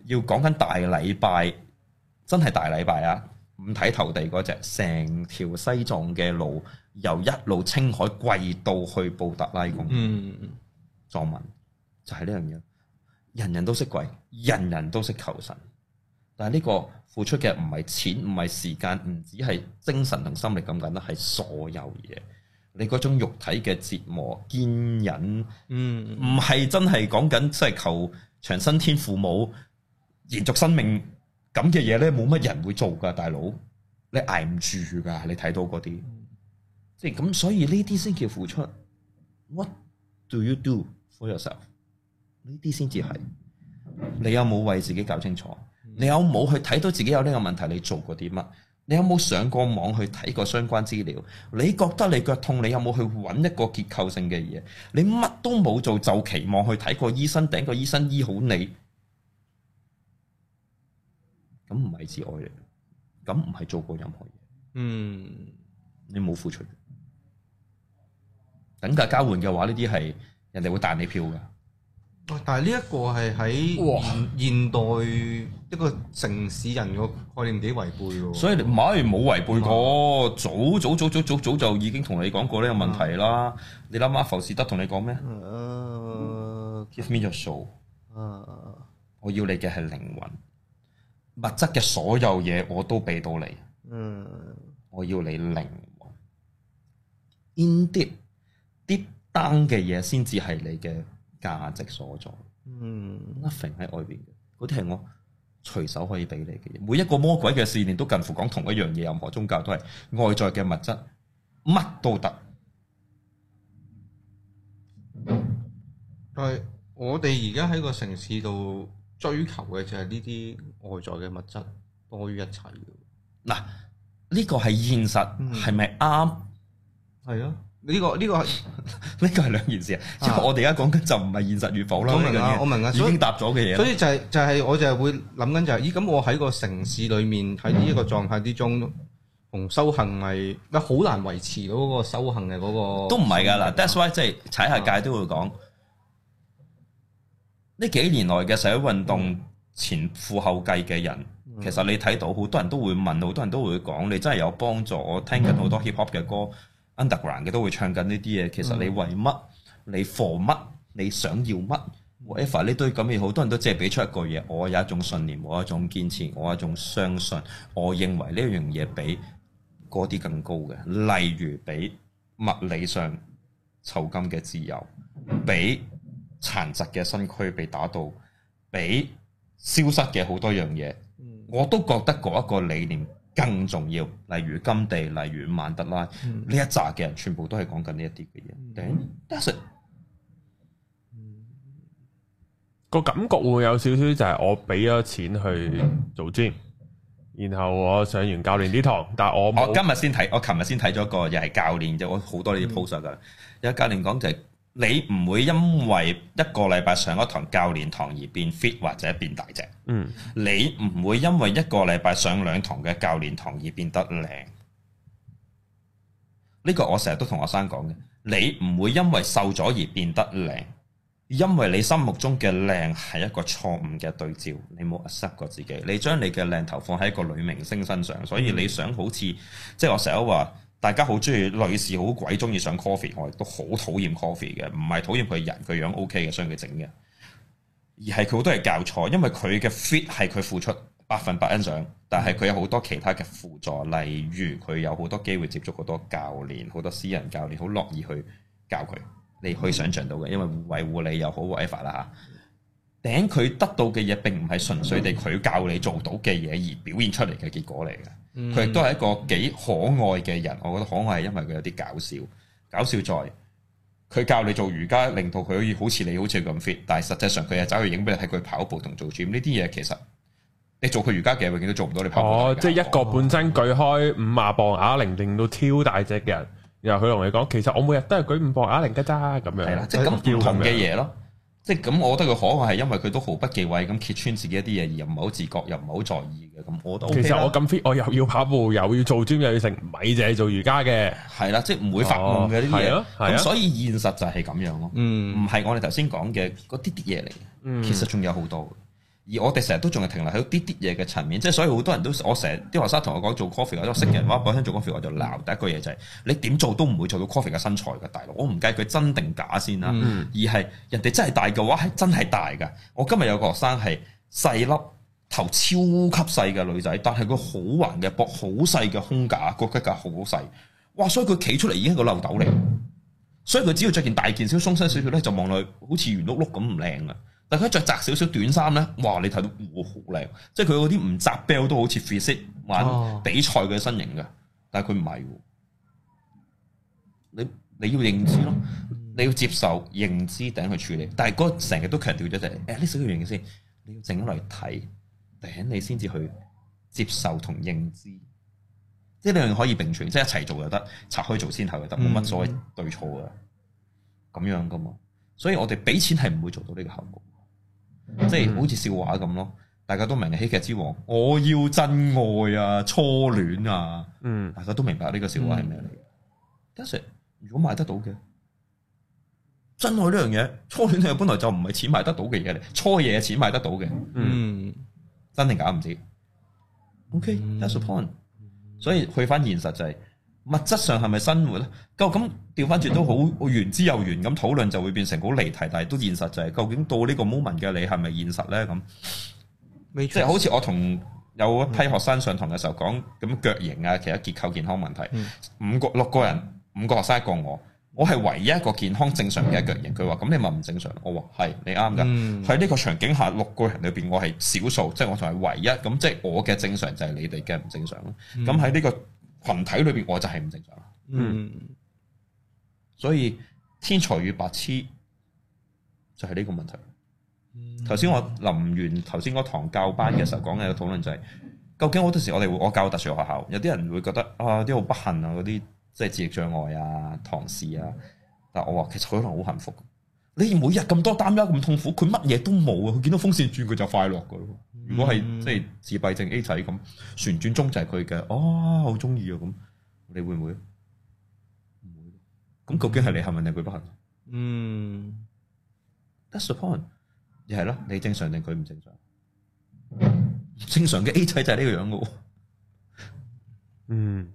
要講緊大禮拜？真係大禮拜啊！五體投地嗰隻，成、那個、條西藏嘅路由一路青海跪到去布達拉宮，藏、嗯、文就係呢樣嘢，人人都識跪，人人都識求神，但係呢個付出嘅唔係錢，唔係時間，唔只係精神同心力咁簡單，係所有嘢，你嗰種肉體嘅折磨、堅忍，嗯，唔係真係講緊即係求長生天父母延續生命。咁嘅嘢咧，冇乜人會做噶，大佬，你捱唔住噶，你睇到嗰啲，嗯、即係咁，所以呢啲先叫付出。What do you do for yourself？呢啲先至係，你有冇為自己搞清楚？你有冇去睇到自己有呢個問題？你做過啲乜？你有冇上過網去睇過相關資料？你覺得你腳痛，你有冇去揾一個結構性嘅嘢？你乜都冇做，就期望去睇個醫生，頂個醫生醫好你？咁唔係自愛嚟，咁唔係做過任何嘢，嗯，你冇付出，等價交換嘅話，呢啲係人哋會彈你票噶。但係呢一個係喺現現代一個城市人嘅概念幾違背喎。所以你唔係冇違背過，早早早早早早就已經同你講過呢個問題啦。你諗下，浮士德同你講咩？Give me your soul，我要你嘅係靈魂。物質嘅所有嘢我都俾到你，嗯，我要你靈魂，in deep，deep down 嘅嘢先至係你嘅價值所、嗯、在，嗯，nothing 喺外邊嘅，嗰啲係我隨手可以俾你嘅嘢，每一個魔鬼嘅試練都近乎講同一樣嘢，任何宗教都係外在嘅物質，乜都得，嗯、但係我哋而家喺個城市度。追求嘅就係呢啲外在嘅物質多於一切。嗱，呢個係現實，係咪啱？係啊，呢、這個呢、這個呢 <laughs> 個係兩件事啊。即係我哋而家講緊就唔係現實與否啦。我明啊，我明啊，已經答咗嘅嘢。所以就係、是、就係、是、我就係會諗緊就係，咦？咁我喺個城市裏面喺呢一個狀態之中，同、嗯、修行係咪好難維持到嗰個修行嘅嗰個？都唔係噶啦。That's why 即係踩下界都會講。呢幾年來嘅社會運動前赴後繼嘅人，嗯、其實你睇到好多人都會問，好多人都會講，你真係有幫助。嗯、我聽緊好多 hip hop 嘅歌，underground 嘅都會唱緊呢啲嘢。其實你為乜？你 for 乜？你想要乜？whatever 呢堆咁嘅好多人都只係俾出一句嘢。我有一種信念，我有一種堅持，我有一種相信。我認為呢樣嘢比嗰啲更高嘅，例如比物理上酬金嘅自由，比。殘疾嘅身軀被打到，比消失嘅好多樣嘢，嗯、我都覺得嗰一個理念更重要。例如甘地，例如曼德拉呢、嗯、一紮嘅人，全部都係講緊呢一啲嘅嘢。等個感覺會有少少就係我俾咗錢去做 gym，然後我上完教練呢堂，但係我我今日先睇，我琴日先睇咗一個又係教練，即我好多呢啲 pose 噶，因為教練講就係、是。你唔會因為一個禮拜上一堂教練堂而變 fit 或者變大隻。嗯，你唔會因為一個禮拜上兩堂嘅教練堂而變得靚。呢個我成日都同學生講嘅，你唔會因為瘦咗而變得靚，因為你心目中嘅靚係一個錯誤嘅對照。你冇 accept 過自己，你將你嘅靚投放喺一個女明星身上，所以你想好似、嗯、即係我成日都話。大家好中意，女士好鬼中意上 coffee，我亦都好討厭 coffee 嘅，唔係討厭佢人，佢樣 OK 嘅，所以佢整嘅，而係佢好多係教錯，因為佢嘅 fit 係佢付出百分百欣賞，但係佢有好多其他嘅輔助，例如佢有好多機會接觸好多教練，好多私人教練好樂意去教佢，你可以想象到嘅，因為維護你又好 m 法 t 啦嚇。Whatever. 頂佢得到嘅嘢，並唔係純粹地佢教你做到嘅嘢而表現出嚟嘅結果嚟嘅。佢亦都係一個幾可愛嘅人，我覺得可愛係因為佢有啲搞笑，搞笑在佢教你做瑜伽，令到佢可以好似你好似咁 fit，但係實際上佢係走去影俾你睇佢跑步同做 gym 呢啲嘢。其實你做佢瑜伽嘅，永遠都做唔到你跑步。跑哦，即係一個本身舉開五呀磅啞鈴，令到超大隻嘅人，然後佢同你講：，其實我每日都係舉五磅啞鈴㗎咋。咁樣係啦，即係咁唔同嘅嘢咯。即係咁，我覺得佢可能係因為佢都毫不忌諱咁揭穿自己一啲嘢，而又唔係好自覺，又唔係好在意嘅。咁，我都其實我咁 fit，我又要跑步，又要做 gym，又要食米，就係做瑜伽嘅。係啦，即係唔會發夢嘅呢啲嘢。係咯、哦，咁所以現實就係咁樣咯。嗯，唔係我哋頭先講嘅嗰啲啲嘢嚟嘅。其實仲有好多。嗯而我哋成日都仲係停留喺啲啲嘢嘅層面，即係所以好多人都我成日啲學生同我講做 coffee，我識人話本身做 coffee，我就鬧第一句嘢就係你點做都唔會做到 coffee 嘅身材㗎大佬，我唔計佢真定假先啦，嗯，而係人哋真係大嘅話係真係大㗎。我今日有個學生係細粒頭超級細嘅女仔，但係佢好橫嘅膊，好細嘅胸架，個骨架好細，哇！所以佢企出嚟已經係個漏斗嚟，所以佢只要着件大件小鬆身少少咧，就望落去好似圓碌碌咁唔靚嘅。但佢着窄少少短衫咧，哇！你睇到好靚，即係佢嗰啲唔扎 bell 都好似 fit 色玩比賽嘅身形嘅，啊、但係佢唔係。你你要認知咯，嗯、你要接受認知，頂去處理。但係嗰成日都強調咗就係、是，誒呢四個原因先，你要整嚟睇，頂你先至去接受同認知。即係兩樣可以並存，即係一齊做又得，拆開做先後又得，冇乜所謂對錯嘅，咁、嗯、樣噶嘛。所以我哋俾錢係唔會做到呢個效果。即係好似笑話咁咯，大家都明嘅。喜劇之王，我要真愛啊，初戀啊，嗯，大家都明白呢個笑話係咩嚟嘅。其實，嗯，如果買得到嘅真愛呢樣嘢，初戀係本來就唔係錢買得到嘅嘢嚟，初夜係錢買得到嘅，嗯，嗯真定假唔知。OK，that's a point，嗯。所以去翻現實就係、是。物質上係咪生活咧？咁咁調翻轉都好，原之又原咁討論就會變成好離題，但係都現實就係、是、究竟到呢個 moment 嘅你係咪現實咧？咁即係好似我同有一批學生上堂嘅時候講咁腳型啊，其實結構健康問題，嗯、五個六個人，五個學生一個我，我係唯一一個健康正常嘅腳型。佢話、嗯：咁你咪唔正常？我話：係你啱㗎。喺呢、嗯、個場景下，六個人裏邊我係少數，即、就、係、是、我仲係唯一。咁即係我嘅正常就係你哋嘅唔正常。咁喺呢個群體裏邊我就係唔正常，嗯，所以天才與白痴就係、是、呢個問題。頭先、嗯、我臨完頭先嗰堂教班嘅時候講嘅討論就係、是，嗯、究竟好多時我哋會我教特殊學校，有啲人會覺得啊啲好不幸啊，嗰啲即係智力障礙啊、唐氏啊，但係我話其實佢可能好幸福。你每日咁多擔憂咁痛苦，佢乜嘢都冇啊，佢見到風扇轉佢就快樂噶咯。如果係即係自閉症 A 仔咁，旋轉中就係佢嘅，哦，好中意啊咁，你會唔會？唔會。咁究竟係你幸運定佢不幸？嗯。That’s the point，又係咯，你正常定佢唔正常？嗯、正常嘅 A 仔就係呢個樣嘅、啊。嗯。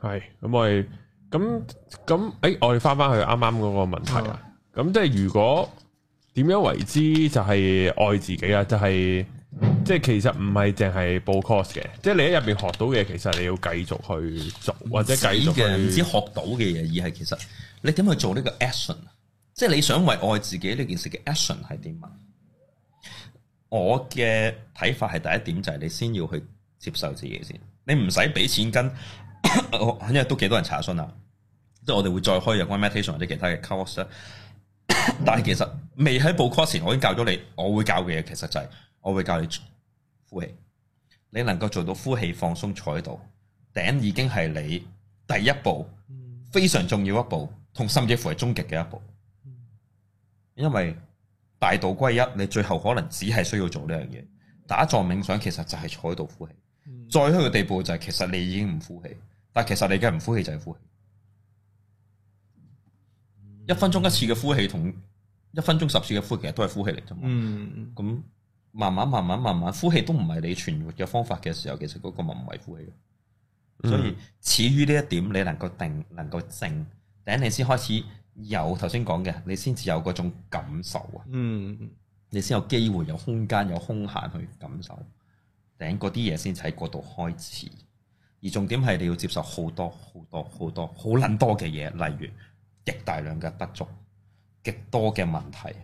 係咁我哋，咁咁誒，我哋翻翻去啱啱嗰個問題啦。咁即係如果。點樣為之就係愛自己啊？就係即係其實唔係淨係報 course 嘅，即係你喺入邊學到嘅嘢，其實你要繼續去做，或者繼續唔知,唔知學到嘅嘢，而係其實你點去做呢個 action 啊？即係你想為愛自己呢件事嘅 action 係點啊？我嘅睇法係第一點就係你先要去接受自己先，你唔使俾錢跟， <coughs> 因為都幾多人查詢啦，即係我哋會再開有關 meditation 或者其他嘅 course 咧。 <laughs> 但係其實未喺補課前，我已經教咗你，我會教嘅嘢，其實就係我會教你呼氣。你能夠做到呼氣放鬆坐喺度，頂已經係你第一步，非常重要一步，同甚至乎係終極嘅一步。因為大道歸一，你最後可能只係需要做呢樣嘢。打坐冥想其實就係坐喺度呼氣，再去嘅地步就係其實你已經唔呼氣，但係其實你嘅唔呼氣就係呼氣。一分鐘一次嘅呼氣，同一分鐘十次嘅呼氣，其實都係呼氣嚟啫嘛。咁、嗯、慢慢、慢慢、慢慢，呼氣都唔係你存活嘅方法嘅時候，其實嗰個咪唔係呼氣。嗯、所以，始於呢一點，你能夠定、能夠靜，等你先開始有頭先講嘅，你先至有嗰種感受啊。嗯，你先有機會、有空間、有空閒去感受，等嗰啲嘢先喺嗰度開始。而重點係你要接受好多、好多、好多、好捻多嘅嘢，例如。極大量嘅不足，極多嘅問題。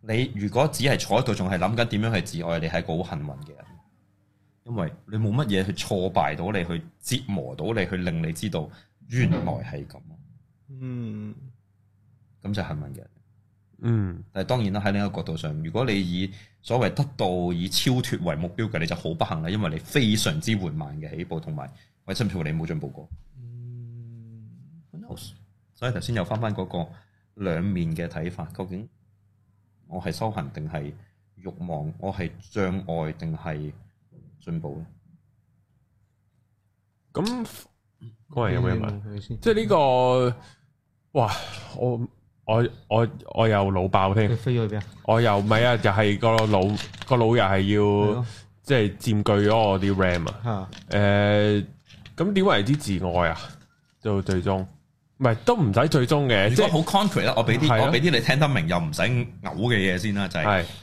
你如果只係坐喺度，仲係諗緊點樣去自愛，你係一個好幸運嘅人，因為你冇乜嘢去挫敗到你，去折磨到你，去令你知道原來係咁。嗯，咁就幸運嘅人。嗯，但係當然啦，喺另一個角度上，如果你以所謂得道以超脫為目標嘅，你就好不幸啦，因為你非常之緩慢嘅起步，同埋我委身主，你冇進步過。嗯、oh no. 所以頭先又翻翻嗰個兩面嘅睇法，究竟我係修行定係慾望？我係障礙定係進步咧？咁嗰、嗯、人有咩問？先問即係、這、呢個哇！我我我我又腦爆添，飛咗去邊啊？我又唔係啊，又、那、係個腦個腦又係要即係的佔據咗我啲 RAM 啊！誒、呃，咁點為之自愛啊？到最終。唔係都唔使最終嘅，如果即係好 concrete 咧，我俾啲是、啊、我俾啲你聽得明又唔使嘔嘅嘢先啦，就係、是、是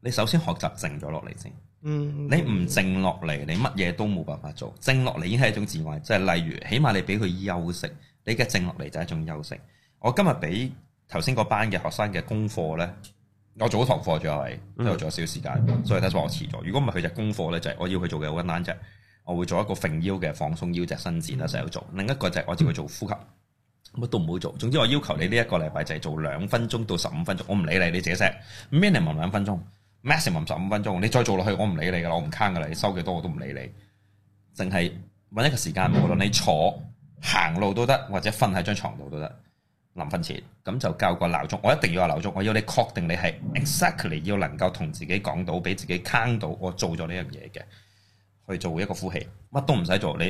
你首先學習靜咗落嚟先，嗯，你唔靜落嚟，你乜嘢都冇辦法做，靜落嚟已經係一種智慧，即係例如，起碼你俾佢休息，你嘅靜落嚟就係一種休息。我今日俾頭先嗰班嘅學生嘅功課呢，我做咗堂課最後係，之後仲有少時間，嗯、所以睇咗我遲咗。如果唔係佢就功課呢，就係、是、我要佢做嘅好簡單啫。我會做一個揈腰嘅放鬆腰脊伸展啦，成日做。另一個就係我只會做呼吸，乜都唔會做。總之我要求你呢一個禮拜就係做兩分鐘到十五分鐘，我唔理你，你自己 set minimum 兩分鐘，maximum 十五分鐘。你再做落去，我唔理你噶啦，我唔 count 噶啦，你收幾多我都唔理你。淨係揾一個時間，無論你坐、行路都得，或者瞓喺張床度都得。臨瞓前咁就教個鬧鐘，我一定要有鬧鐘。我要你確定你係 exactly 要能夠同自己講到，俾自己 count 到我做咗呢樣嘢嘅。去做一個呼氣，乜都唔使做。你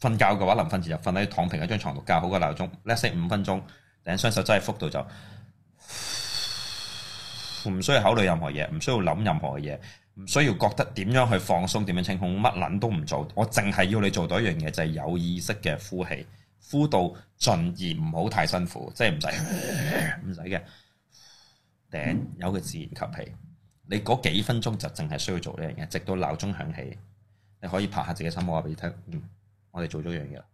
瞓覺嘅話，臨瞓前就瞓喺躺平一張床度，校好個鬧鐘，less 五分鐘，頂雙手真喺腹度就，唔需要考慮任何嘢，唔需要諗任何嘢，唔需要覺得點樣去放鬆，點樣清空，乜撚都唔做。我淨係要你做到一樣嘢，就係、是、有意識嘅呼氣，呼到盡而唔好太辛苦，即係唔使唔使嘅，頂 <laughs> 由佢自然吸氣。你嗰幾分鐘就淨係需要做呢樣嘢，直到鬧鐘響起。你可以拍下自己心話俾你聽，嗯，我哋做咗樣嘢啦，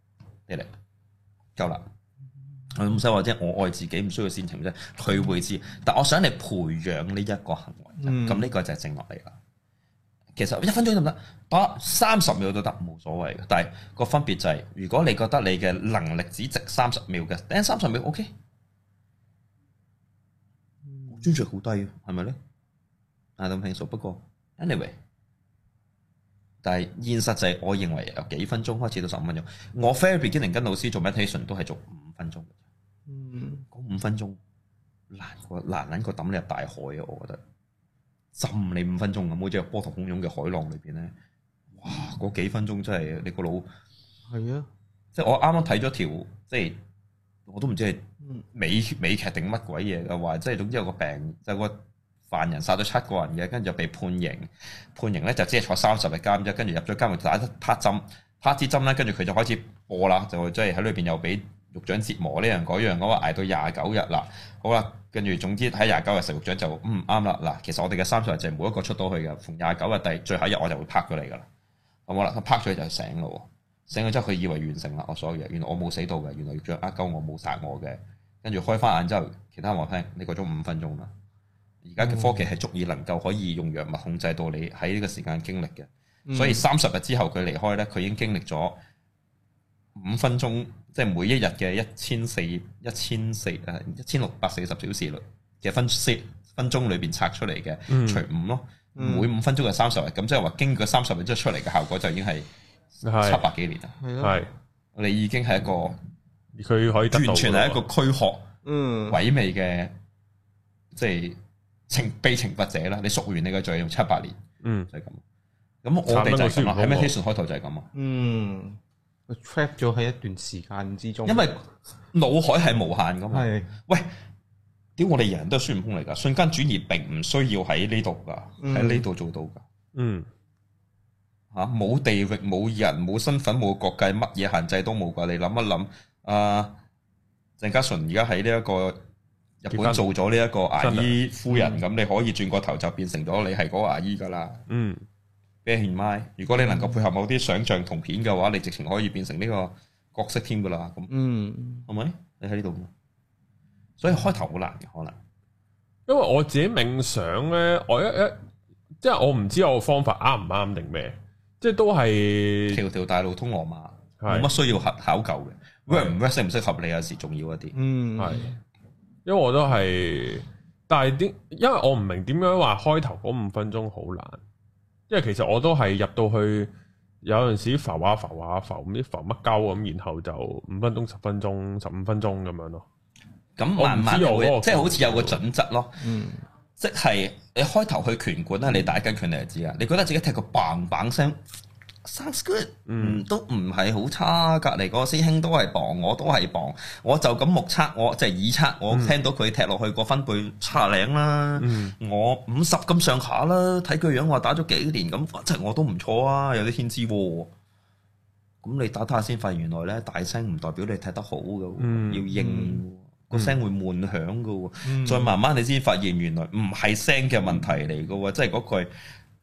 你嚟，夠啦，嗯、我唔使話即係我愛自己，唔需要煽情啫，佢會知。但我想你培養呢一個行為，咁呢、嗯、個就係靜落嚟啦。其實一分鐘得唔得，得、啊，三十秒都得，冇所謂。但係個分別就係、是，如果你覺得你嘅能力只值三十秒嘅，頂三十秒 OK，專注好低，係咪咧？啊，咁輕鬆！不過，anyway。但係現實就係，我認為由幾分鐘開始到十五分鐘，我 f a i r b i g e l 跟老師做 meditation 都係做五分、嗯、分鐘。嗯，嗰五分鐘難過難難過抌你入大海啊！我覺得浸你五分鐘咁，好似波濤洶湧嘅海浪裏邊咧，哇！嗰幾分鐘真係你個腦係啊！即係我啱啱睇咗條，即係我都唔知係美美劇定乜鬼嘢，嘅話即係總之有個病，即、就、係、是、個。犯人殺咗七個人嘅，跟住就被判刑。判刑咧就即、是、係坐三十日監啫。跟住入咗監獄打，打一打針，打支針咧，跟住佢就開始過啦，就即係喺裏邊又俾獄長折磨呢樣嗰樣咁啊，挨到廿九日啦。好啦，跟住總之喺廿九日食獄長就嗯啱啦嗱。其實我哋嘅三十日就係每一個出到去嘅，逢廿九日第最後一日我就會拍咗你噶啦。咁好啦，佢拍咗嚟就醒咯，醒咗之後佢以為完成啦，我所有嘢原來我冇死到嘅，原來獄長啊救我冇殺我嘅。跟住開翻眼之後，其他話聽你過咗五分鐘啦。而家嘅科技係足以能夠可以用藥物控制到你喺呢個時間經歷嘅，所以三十日之後佢離開呢，佢已經經歷咗五分鐘，即係每一日嘅一千四一千四誒一千六百四十小時嘅分分分鐘裏邊拆出嚟嘅，除五咯，每五分鐘嘅三十日，咁即係話經過三十日即係出嚟嘅效果就已經係七百幾年啦，係你已經係一個佢可以完全係一個軀殼，嗯，鬼魅嘅，即係。情被懲罰者啦，你贖完你嘅罪用七八年，就是、嗯，就係咁。咁我哋就係啦，喺咩希順開頭就係咁啊。嗯，trap 咗喺一段時間之中，因為腦海係無限噶嘛。是喂，屌我哋人都係孫悟空嚟噶，瞬間轉移並唔需要喺呢度噶，喺呢度做到噶。嗯，嚇冇、啊、地域、冇人、冇身份、冇國界，乜嘢限制都冇噶。你諗一諗，啊、呃，鄭嘉純而家喺呢一個。日本做咗呢一個阿姨夫人咁，嗯、你可以轉個頭就變成咗你係嗰個阿姨噶啦。嗯，畀你聽。如果你能夠配合某啲想象圖片嘅話，你直情可以變成呢個角色添噶啦。咁，嗯，係咪？你喺呢度，所以開頭好難嘅，可能。因為我自己冥想咧，我一一即係、就是、我唔知我方法啱唔啱定咩，即係都係條條大路通羅馬，冇乜是需要考究嘅。work 唔 work 適唔適合你有時重要一啲。嗯，係。因為我都係，但係點？因為我唔明點樣話開頭嗰五分鐘好難，因為其實我都係入到去，有陣時浮下浮下浮，唔知浮乜鳩咁，然後就五分鐘、十分鐘、十五分鐘咁樣咯。咁慢慢，即係好似有個準則咯。嗯，即係你開頭去拳館咧，你打緊拳你就知啦。你覺得自己踢個棒棒聲。Sounds good，嗯、都唔係好差。隔離嗰個師兄都係磅，我都係磅。我就咁目測，我即係耳測。我聽到佢踢落去個分貝七零啦，嗯、我五十咁上下啦。睇佢樣話打咗幾年，咁即係我都唔錯啊，有啲天資喎、喔。咁你打睇下先，發現原來咧大聲唔代表你踢得好嘅，要硬個聲會悶響嘅，嗯、再慢慢你先發現原來唔係聲嘅問題嚟嘅喎，即係嗰句。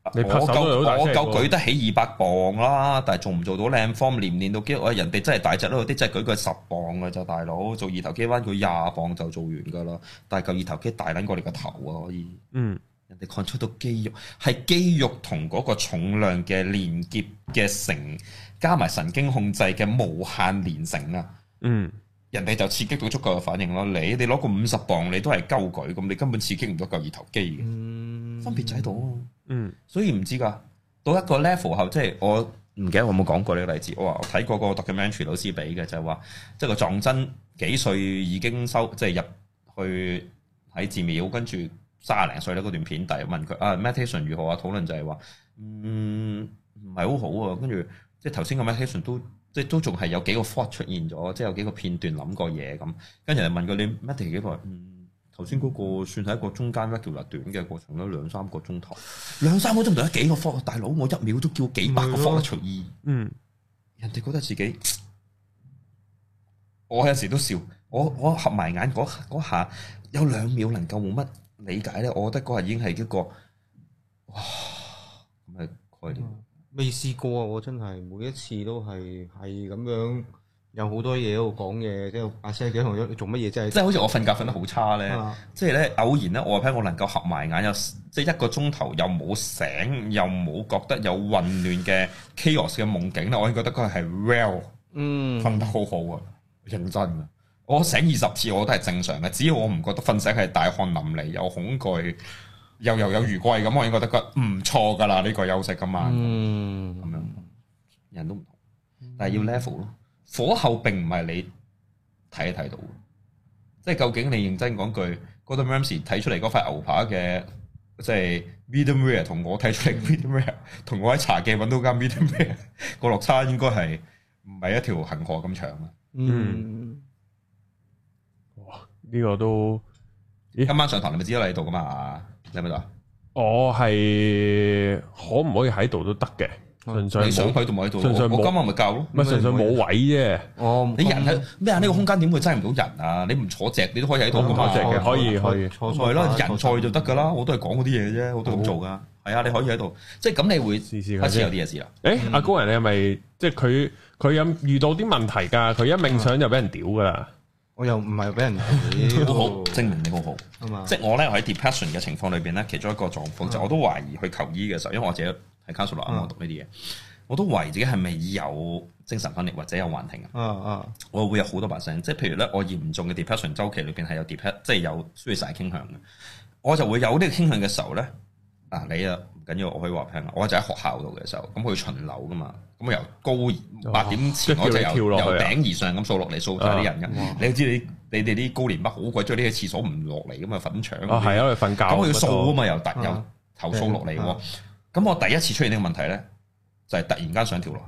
啊、我夠我夠舉得起二百磅啦，但係做唔做到靚 form？o r 練唔練到肌肉？人哋真係大隻咯，啲真係舉佢十磅嘅啫，大佬做二頭肌彎佢廿磅就做完噶啦。但係嚿二頭肌大捻過你個頭啊，可以。嗯，人哋 contract 出到肌肉係肌肉同嗰個重量嘅連結嘅成加埋神經控制嘅無限連成啊。嗯。人哋就刺激到足夠嘅反應咯，你你攞個五十磅你都係鳩舉，咁你根本刺激唔到嚿二頭肌嘅，嗯、分別就喺度啊。嗯，所以唔知㗎，到一個 level 後，即係我唔記得我有冇講過呢個例子。我話我睇過個 documentary 老師俾嘅，就係話即係個撞真幾歲已經收，即係入去喺寺廟，跟住三廿零歲咧嗰段片底問佢啊，meditation 如何啊？討論就係話，嗯，唔係好好啊。跟住即係頭先個 meditation 都。即係都仲係有幾個框出現咗，即係有幾個片段諗過嘢咁，跟住人哋問過你乜嘢幾耐？嗯，頭先嗰個算係一個中間一段略短嘅過程咯，兩三個鐘頭，兩三個鐘頭有幾個框？大佬我一秒都叫幾百個框出嚟。嗯，人哋覺得自己，我有時都笑，我我合埋眼嗰嗰下有兩秒能夠冇乜理解咧，我覺得嗰日已經係一個哇，咁嘅概念？未試過啊！我真係每一次都係係咁樣，有好多嘢喺度講嘢，即係阿 Sir 幾同做乜嘢？即係、啊、即係好似我瞓覺瞓得好差咧，即係咧偶然咧，我睇我能夠合埋眼又即係一個鐘頭又冇醒又冇覺得有混亂嘅 chaos 嘅夢境咧，我已經覺得佢係 well，嗯，瞓得好好啊，認真啊，我醒二十次我都係正常嘅，只要我唔覺得瞓醒係大汗淋漓有恐懼。又又有如歸咁，我已經覺得佢唔錯噶啦，呢、這個優勢今晚嗯，咁樣，人都唔同，但係要 level 咯。嗯、火候並唔係你睇睇到，即係究竟你認真講句，Godemons 睇出嚟嗰塊牛排嘅，即、就、係、是、medium rare，同我睇出嚟 medium rare，同我喺茶記揾到間 medium rare 呵呵、那個落差應該係唔係一條恆河咁長啊？嗯，哇！呢、這個都咦？今晚上堂你咪知道你喺度噶嘛？係咪啦？我係可唔可以喺度都得嘅？純粹你想喺度咪喺度，純粹我今晚咪夠咯。咪純粹冇位啫。哦，你人係咩啊？呢個空間點會擠唔到人啊？你唔坐席，你都可以喺度噶嘛？坐席嘅可以可以，唔係咯，人才就得噶啦。我都係講嗰啲嘢啫，我都咁做噶。係啊，你可以喺度。即係咁，你會開始有啲嘢事啦。誒，阿高人你係咪即係佢佢有遇到啲問題噶？佢一冥想就俾人屌噶啦。我又唔係俾人睇， <laughs> 好好證明你好好啊嘛！吧即係我咧喺 depression 嘅情況裏邊咧，其中一個狀況就我都懷疑去求醫嘅時候，因為我自己喺 c 係 counselor 啱我讀呢啲嘢，的我都懷疑自己係咪有精神分裂或者有幻聽啊？啊啊的！我會有好多把聲，即係譬如咧，我嚴重嘅 depression 周期裏邊係有 depress，i o n 即係有衰曬傾向嘅，我就會有呢個傾向嘅時候咧，嗱、啊、你啊～緊要我可以話聽我就喺學校度嘅時候，咁佢巡樓噶嘛，咁我由高八點前我就由由頂而上咁掃落嚟，掃曬啲人噶。啊、你知道你你哋啲高年級好鬼鍾意呢個廁所唔落嚟噶嘛，粉腸啊係啊，去瞓覺。咁我要掃啊嘛，又突有頭掃落嚟喎。咁、啊啊、我第一次出現呢個問題咧，就係、是、突然間想跳落。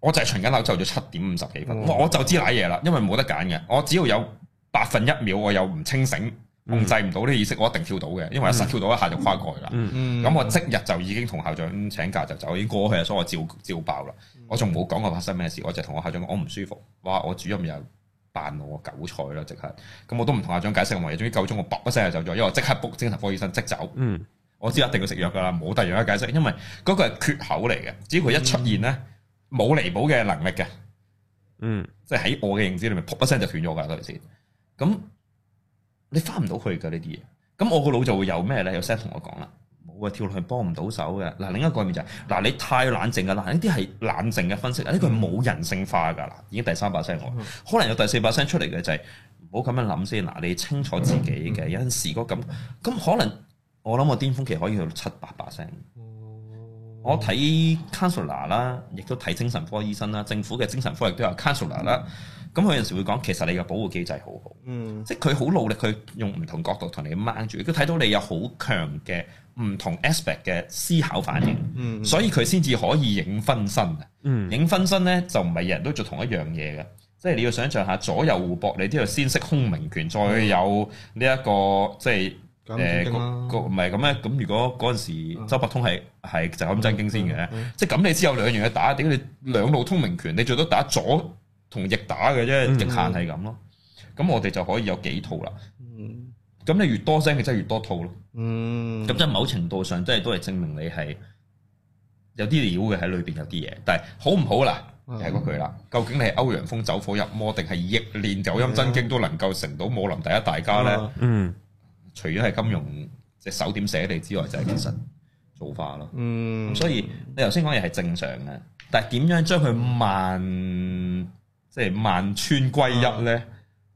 我就係巡緊樓，就咗七點五十幾分，啊、我就知賴嘢啦，因為冇得揀嘅。我只要有百分一秒，我又唔清醒。控、嗯、制唔到啲意識，我一定跳到嘅，因為一實跳到一下就跨過去啦。咁、嗯嗯、我即日就已經同校長請假就走，已經過去所以我照照爆啦。嗯、我仲冇講過發生咩事，我就同我校長講我唔舒服，哇！我主任又扮我韭菜啦，即刻咁我都唔同校長解釋，我話，終於夠鐘，我叭一聲就走咗，因為我即刻 book 精神科醫生即走。嗯，我知一定要食藥噶啦，冇第二樣去解釋，因為嗰個係缺口嚟嘅，只要佢一出現咧，冇、嗯、彌補嘅能力嘅。嗯，即係喺我嘅認知裏面，叭一聲就斷咗㗎啦，陣時咁。你翻唔到去㗎呢啲嘢，咁我個腦就會有咩咧？有聲同我講啦，冇啊，跳落去幫唔到手嘅。嗱，另一個面就係，嗱，你太冷靜㗎啦，嗱，呢啲係冷靜嘅分析，呢個係冇人性化㗎。嗱，已經第三把聲我，嗯、可能有第四把聲出嚟嘅就係、是，唔好咁樣諗先。嗱，你清楚自己嘅，有陣、嗯、時如果咁，咁可能我諗我巔峰期可以去到七八把聲。嗯、我睇 counselor 啦，亦都睇精神科醫生啦，政府嘅精神科亦都有 counselor 啦。咁佢有陣時會講，其實你個保護機制好好，嗯、即係佢好努力，佢用唔同角度同你掹住，佢睇到你有好強嘅唔同 aspect 嘅思考反應，嗯嗯、所以佢先至可以影分身。影、嗯、分身咧就唔係人人都做同一樣嘢嘅，即係你要想像下左右互搏，你都要先識空明拳，再有呢、個、一個即係誒唔係咁咧。咁如果嗰陣時周伯通係係就講真經先嘅，即係咁你只有兩樣嘢打，點解你兩路通明拳你最多打左？同逆打嘅啫，極限係咁咯。咁我哋就可以有幾套啦。咁你越多聲，佢真係越多套咯。咁即係某程度上，即係都係證明你係有啲料嘅，喺裏邊有啲嘢。但係好唔好啦？提過佢啦。究竟你係歐陽峯走火入魔，定係逆練九陰真經都能夠成到武林第一大家咧？嗯，除咗係金融隻手點寫你之外，就係其實造化咯。嗯，所以你頭先講嘢係正常嘅，但係點樣將佢慢？即係萬川歸一咧，啊、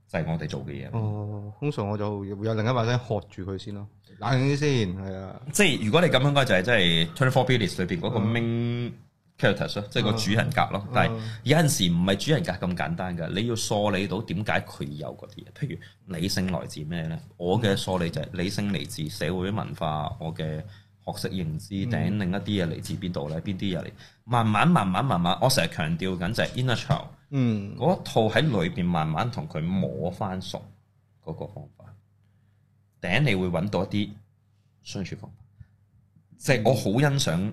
就係我哋做嘅嘢。哦，通常我就會有另一把聲喝住佢先咯，冷靜啲先，係啊。即係如果你咁樣講，就係、是、即係《Twenty Four Billy》裏邊嗰個 main characters 即係個主人格咯。啊、但係有陣時唔係主人格咁簡單㗎，你要梳理到點解佢有嗰啲嘢。譬如理性來自咩咧？我嘅梳理就係理性嚟自社會文化，嗯、我嘅學識認知，頂、嗯、另一啲嘢嚟自邊度咧？邊啲嘢嚟？慢慢慢慢慢慢，我成日強調緊就係 inner child。嗯，嗰套喺裏邊慢慢同佢摸翻熟嗰個方法，第一你會揾到一啲相處方法，即係我好欣賞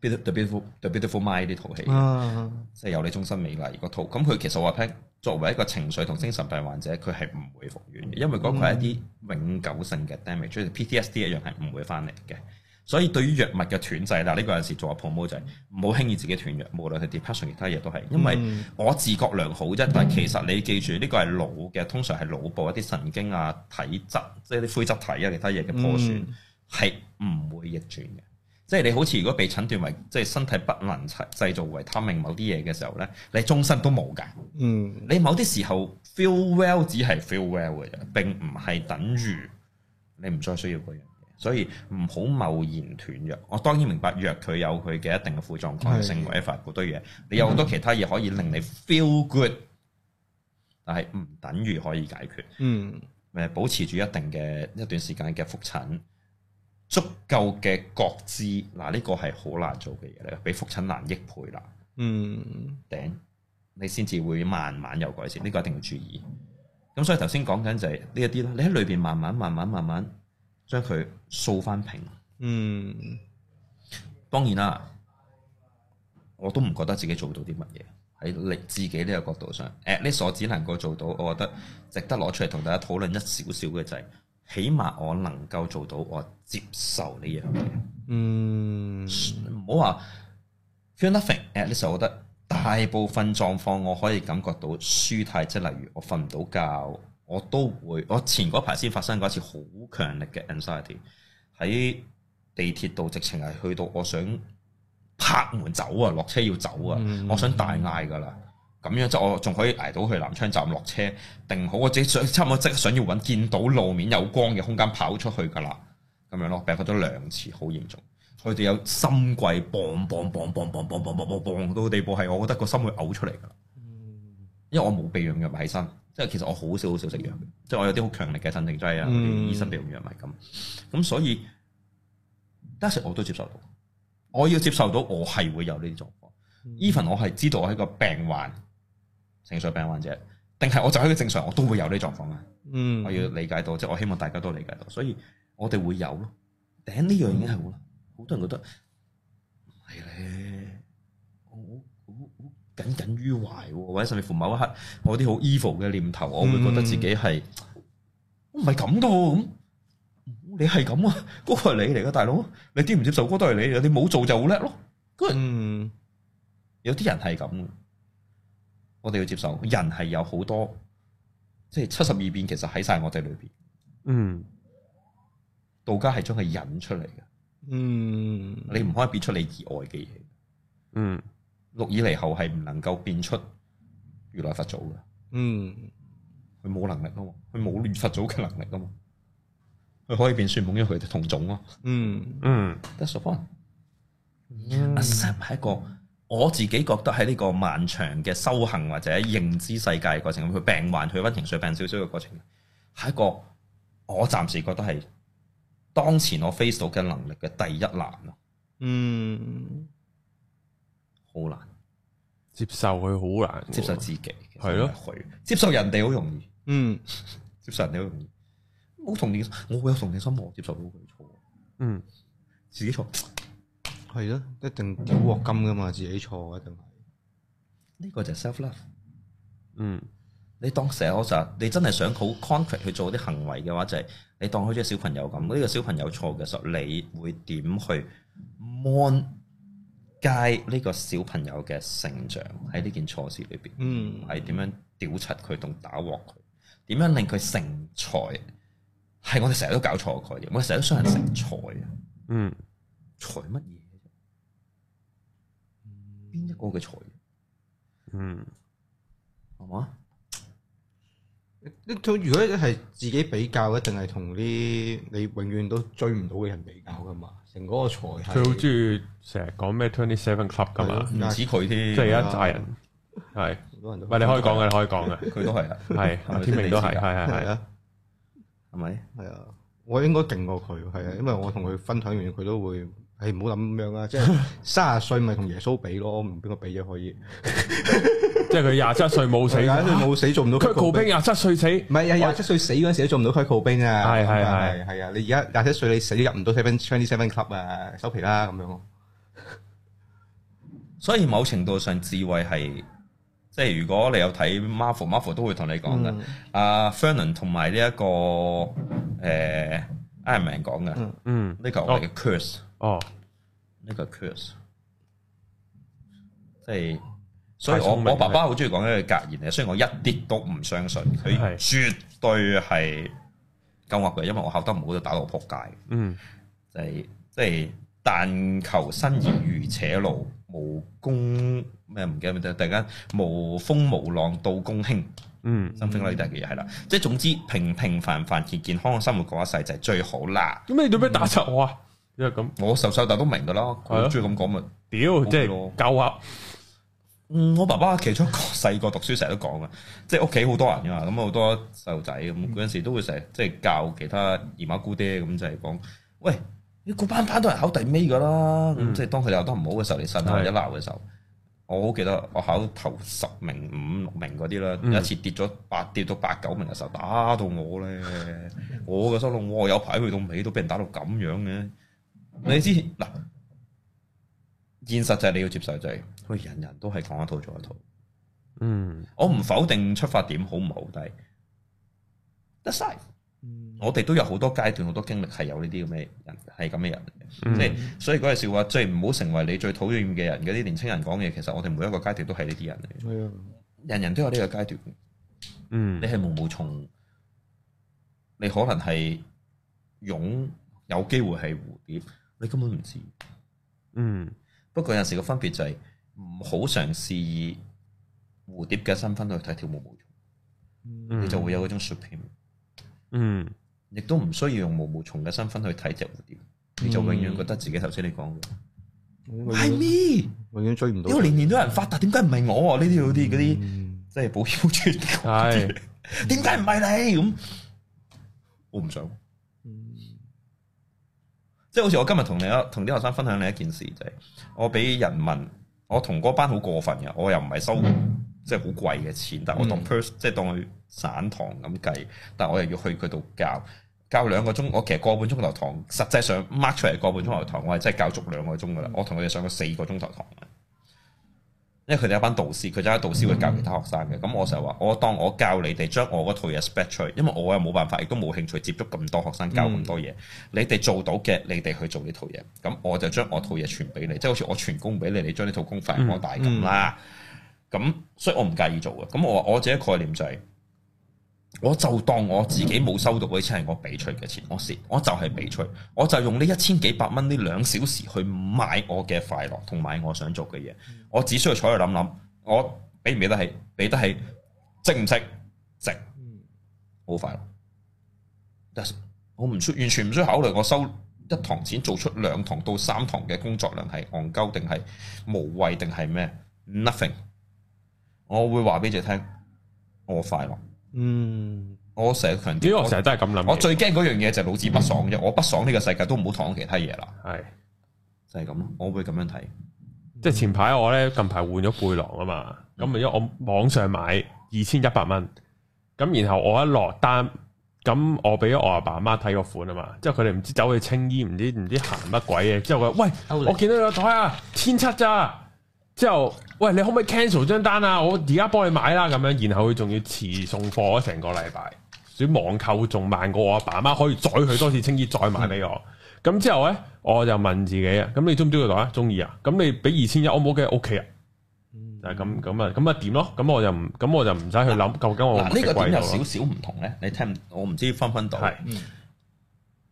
《Beautiful Beautiful My》呢套戲，即係，啊，啊，有你終身美麗嗰套。咁佢其實話聽，作為一個情緒同精神病患者，佢係唔會復原嘅，因為嗰個係一啲永久性嘅 damage，PTSD，嗯，一樣係唔會翻嚟嘅。所以對於藥物嘅斷制，嗱、這、呢個有時做下 promotion，就係唔好輕易自己斷藥，無論係 depression 其他嘢都係，因為我自覺良好啫。嗯、但係其實你記住，呢個係腦嘅，通常係腦部一啲神經啊、體質，即係啲灰質體啊，其他嘢嘅破損係唔、嗯、會逆轉嘅。即係你好似如果被診斷為即係身體不能製造維他命某啲嘢嘅時候咧，你終身都冇㗎。嗯，你某啲時候 feel well 只係 feel well 嘅啫，並唔係等於你唔再需要嗰樣。所以唔好貿然斷藥。我當然明白藥佢有佢嘅一定嘅副作用、性委伐好堆嘢。你有好多其他嘢可以令你 feel good、嗯、但係唔等於可以解決。嗯，誒保持住一定嘅一段時間嘅覆診，足夠嘅覺知嗱，呢個係好難做嘅嘢嚟嘅，比覆診難億倍啦。嗯，頂、嗯、你先至會慢慢有改善，呢、呢個一定要注意。咁所以頭先講緊就係呢一啲啦。你喺裏邊慢慢、慢慢、慢慢。將佢掃翻平。嗯，當然啦，我都唔覺得自己做到啲乜嘢喺你自己呢個角度上。At least，我只能夠做到，我覺得值得攞出嚟同大家討論一少少嘅就係、是，起碼我能夠做到我接受呢樣嘢。嗯，唔好話。 <music> Feel nothing。At least，我覺得大部分狀況我可以感覺到舒泰，即係例如我瞓唔到覺。我都會，我前嗰排先發生過一次好強力嘅 anxiety，喺地鐵度直情係去到我想拍門走啊，落車要走啊，我想大嗌噶啦，咁樣就我仲可以挨到去南昌站落車，定好我自己想差唔多即想要揾見到路面有光嘅空間跑出去噶啦，咁樣咯，病發咗兩次，好嚴重，佢哋有心悸，bang bang 到地步係我覺得個心會嘔出嚟噶啦，因為我冇備用藥喺身。即係其實我好少好少食藥，即係我有啲好強力嘅鎮定劑啊，嗯、我醫生俾我藥咪咁，咁所以當時我都接受到，我要接受到我係會有呢啲狀況，even 我係知道我係一個病患，情緒病患者，定係我就喺個正常，我都會有呢啲狀況啊，嗯，我要理解到，即係、嗯、我希望大家都理解到，所以我哋會有咯，頂呢樣已經係好啦，好、嗯、多人覺得係咧。耿耿於懷，或者甚至乎某一刻，我有啲好 evil 嘅念頭，我會覺得自己係唔係咁噶？咁、嗯、你係咁啊？嗰、嗰個係你嚟噶，大佬你接唔接受？嗰都係你嘅，你冇做就好叻咯。嗯，有啲人係咁，我哋要接受，人係有好多，即係七十二變，其實喺晒我哋裏邊。嗯，道家係將佢引出嚟嘅。嗯，你唔可以變出你以外嘅嘢。嗯。六以嚟後係唔能夠變出如來佛祖嘅，嗯，佢冇能力啊嘛，佢冇如來佛祖嘅能力啊嘛，佢可以變孫悟空，佢哋同種啊，嗯嗯。That's all. 啊，實係一個我自己覺得喺呢個漫長嘅修行或者喺認知世界過程，佢病患、佢溫情緒、病少少嘅過程，係一個我暫時覺得係當前我 face 到嘅能力嘅第一難咯。嗯。好難接受佢，好難接受自己，係咯佢接受人哋好容易，嗯， <laughs> 接受人哋好容易，冇同情，我冇有同情心，我接受到佢錯，嗯，自己錯係咯，一定繳鑊金噶嘛，嗯、自己錯一定係，呢、嗯、個就 self love，嗯，你當成我就，你真係想好 concrete 去做啲行為嘅話，就係、是、你當好似小朋友咁，呢、這個小朋友錯嘅時候，你會點去 on？介呢個小朋友嘅成長喺呢件錯事裏邊，係點、嗯、樣屌柒佢同打鑊佢？點樣令佢成才？係我哋成日都搞錯佢嘅，我哋成日都想人成才啊！嗯，才乜嘢？邊一個嘅才？嗯，係嘛吧？如果係自己比較一定係同啲你永遠都追唔到嘅人比較噶嘛？嗯嗯定嗰個佢好中意成日講咩 Twenty Seven Club 噶嘛？唔止佢添，即係而家紮人係，喂你可以講嘅，你可以講嘅，佢都係，係天明都係，係係啊，係咪？係啊，我應該勁過佢，係啊，因為我同佢分享完，佢都會，誒唔好諗咁樣啊！即係三啊歲咪同耶穌比咯，唔同邊個比咗可以。 <laughs> 即係佢廿七歲冇死，冇死做唔到。q u 兵廿七歲死，唔係廿廿七歲死嗰陣、啊、哇 時都做唔到 q u 兵啊！係係係係啊！你而家廿七歲，你死都入唔到 Twenty Seven Club 啊！收皮啦咁樣。所以某程度上智慧係，即係如果你有睇 Marvel，Marvel 都會同你講噶。阿 Fernan 同埋呢一個誒、呃、Iron Man 講噶、嗯。嗯嗯，呢個我哋嘅 Curse 哦，呢個 Curse 即係。所以我我爸爸好中意講一句格言嘅，所以我一啲都唔相信，佢絕對係夠核嘅，因為我考得唔好就打到扑街。嗯，就係即係但求生而如且勞無功咩？唔記得乜嘢，突然間無風無浪到功興。嗯，something like that 嘅嘢係啦，即係總之平平凡凡而健康嘅生活過一世就係最好啦。咁、嗯、你做咩打柒我啊？因為咁，我受受大都明噶啦，佢好中意咁講咪屌，嗯、即係夠核。嗯，我爸爸其中一個細個讀書成日都講嘅，即係屋企好多人嘅嘛，咁好多細路仔咁嗰陣時都會成日即係教其他姨媽姑爹咁就係、是、講，喂，一個班班都係考第尾㗎啦，咁、嗯、即係當佢哋考得唔好嘅時候，你實在一鬧嘅時候，的我好記得我考頭十名、五六名嗰啲啦，嗯、有一次跌咗八跌到八，跌到八九名嘅時候，打到我咧，我嘅心諗，我有排去到尾都俾人打到咁樣嘅。你之前嗱。現實就係你要接受，就係喂，人人都係講一套做一套。嗯，我唔否定出發點好唔好，但係，但 side，嗯、我哋都有好多階段，好多經歷係有呢啲咁嘅人，係咁嘅人。即係、嗯，所以嗰句說話，即係唔好成為你最討厭嘅人。嗰啲年青人講嘢，其實我哋每一個階段都係呢啲人嚟嘅。嗯、人人都有呢個階段。嗯，你係毛毛蟲，你可能係蛹，有機會係蝴蝶，你根本唔知。嗯。不過有陣時個分別就係唔好嘗試以蝴蝶嘅身份去睇條毛毛蟲，嗯、你就會有嗰種 shopping。嗯，亦都唔需要用毛毛蟲嘅身份去睇隻蝴蝶，嗯、你就永遠覺得自己頭先你講嘅係咪，永遠追唔到。因為，年年都有人發達，點解唔係我，啊。呢啲，有啲嗰啲即係保險穿啲，點解唔係你咁？我唔想。即係好似我今日同你一，同啲學生分享你一件事就係、是，我俾人民，我同嗰班好過分嘅，我又唔係收、嗯、即係好貴嘅錢，但係我同 pers 即係當佢散堂咁計，但我又要去佢度教教兩個鐘，我其實個半鐘頭堂，實際上 mark 出嚟個半鐘頭堂，我係真係教足兩個鐘噶啦，嗯、我同佢哋上咗四個鐘頭堂。因為佢哋一班導師，佢就係導師會教其他學生嘅。咁、嗯、我就話，我當我教你哋將我嗰套嘢 spread 出去，因為我又冇辦法，亦都冇興趣接觸咁多學生教咁多嘢、嗯。你哋做到嘅，你哋去做呢套嘢。咁我就將我套嘢傳俾你，即係好似我傳功俾你，你將呢套功發揚光大咁啦。咁、嗯嗯、所以我唔介意做嘅。咁我我自己概念就係、是。我就當我自己冇收到嗰啲錢係我俾出嘅錢，我蝕，我就係俾出，我就用呢一千幾百蚊呢兩小時去買我嘅快樂，同埋我想做嘅嘢。我只需要坐喺度諗諗，我俾唔俾得起，俾得起，值唔值，值，好快樂。我唔需完全唔需要考慮，我收一堂錢做出兩堂到三堂嘅工作量係戇鳩定係無謂定係咩？Nothing。我會話俾你聽，我快樂。嗯，我成日強調，我成日都係咁諗。我最驚嗰樣嘢就係老子不爽啫。嗯、我不爽，呢個世界都唔好講其他嘢啦。係是，就係咁咯。我會咁樣睇。嗯、即係前排我咧，近排換咗背囊啊嘛。咁、嗯、因為我網上買二千一百蚊，咁然後我一落單，咁我俾咗我阿爸阿媽睇個款啊嘛。之後佢哋唔知走去青衣，唔知唔知行乜鬼嘅。之後佢話：喂，了我見到你個台啊，千七咋？之後，喂，你可唔可以 cancel 張單啊？我而家幫你買啦，咁樣，然後佢仲要遲送貨成個禮拜，啲網購仲慢過我阿爸阿媽可以再去多次青衣再買俾我。咁、嗯、之後咧，我就問自己啊，咁你中唔中意度啊？中意啊！咁你俾二千一，O 唔 OK 啊？OK 啊！就係咁咁啊咁啊點咯？咁我就唔咁我就唔使去諗，究竟我嗱呢個點有少少唔同咧？你聽我唔知分分到係，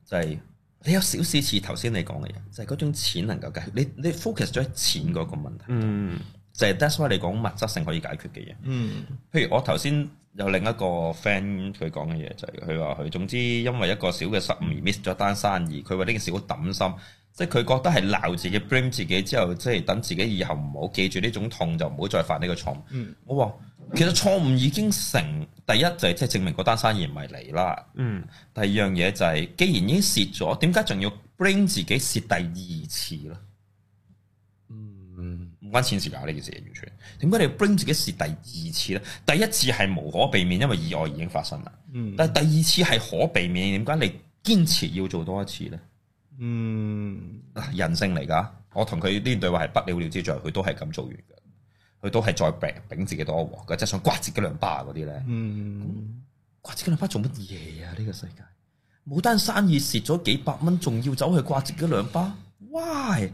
就係。你有少少似頭先你講嘅嘢，就係、是、嗰種錢能夠解決。你你 focus 咗喺錢嗰個問題，嗯、就係 that's why 你講物質性可以解決嘅嘢。嗯、譬如我頭先有另一個 friend 佢講嘅嘢，就係佢話佢總之因為一個小嘅失誤而 miss 咗單生意。佢話呢個好抌心。即係佢覺得係鬧自己、blame 自己之後，即係等自己以後唔好記住呢種痛，就唔好再犯呢個錯誤。嗯、我話其實錯誤已經成，第一就係即係證明嗰單生意唔係嚟啦。嗯，第二樣嘢就係、是，既然已經蝕咗，點解仲要 blame 自己蝕第二次咧？嗯，唔關錢事噶呢件事完全。點解你要 blame 自己蝕第二次呢？第一次係無可避免，因為意外已經發生啦。嗯、但係第二次係可避免，點解你堅持要做多一次呢？嗯，人性嚟噶，我同佢呢段對話係不了了之，再佢都係咁做完嘅，佢都係再柄自己多鑊嘅，即係想刮自己兩巴嗰啲咧。嗯，嗯，刮自己兩巴做乜嘢啊？呢、這個世界，冇單生意蝕咗幾百蚊，仲要走去刮自己兩巴喂！Why?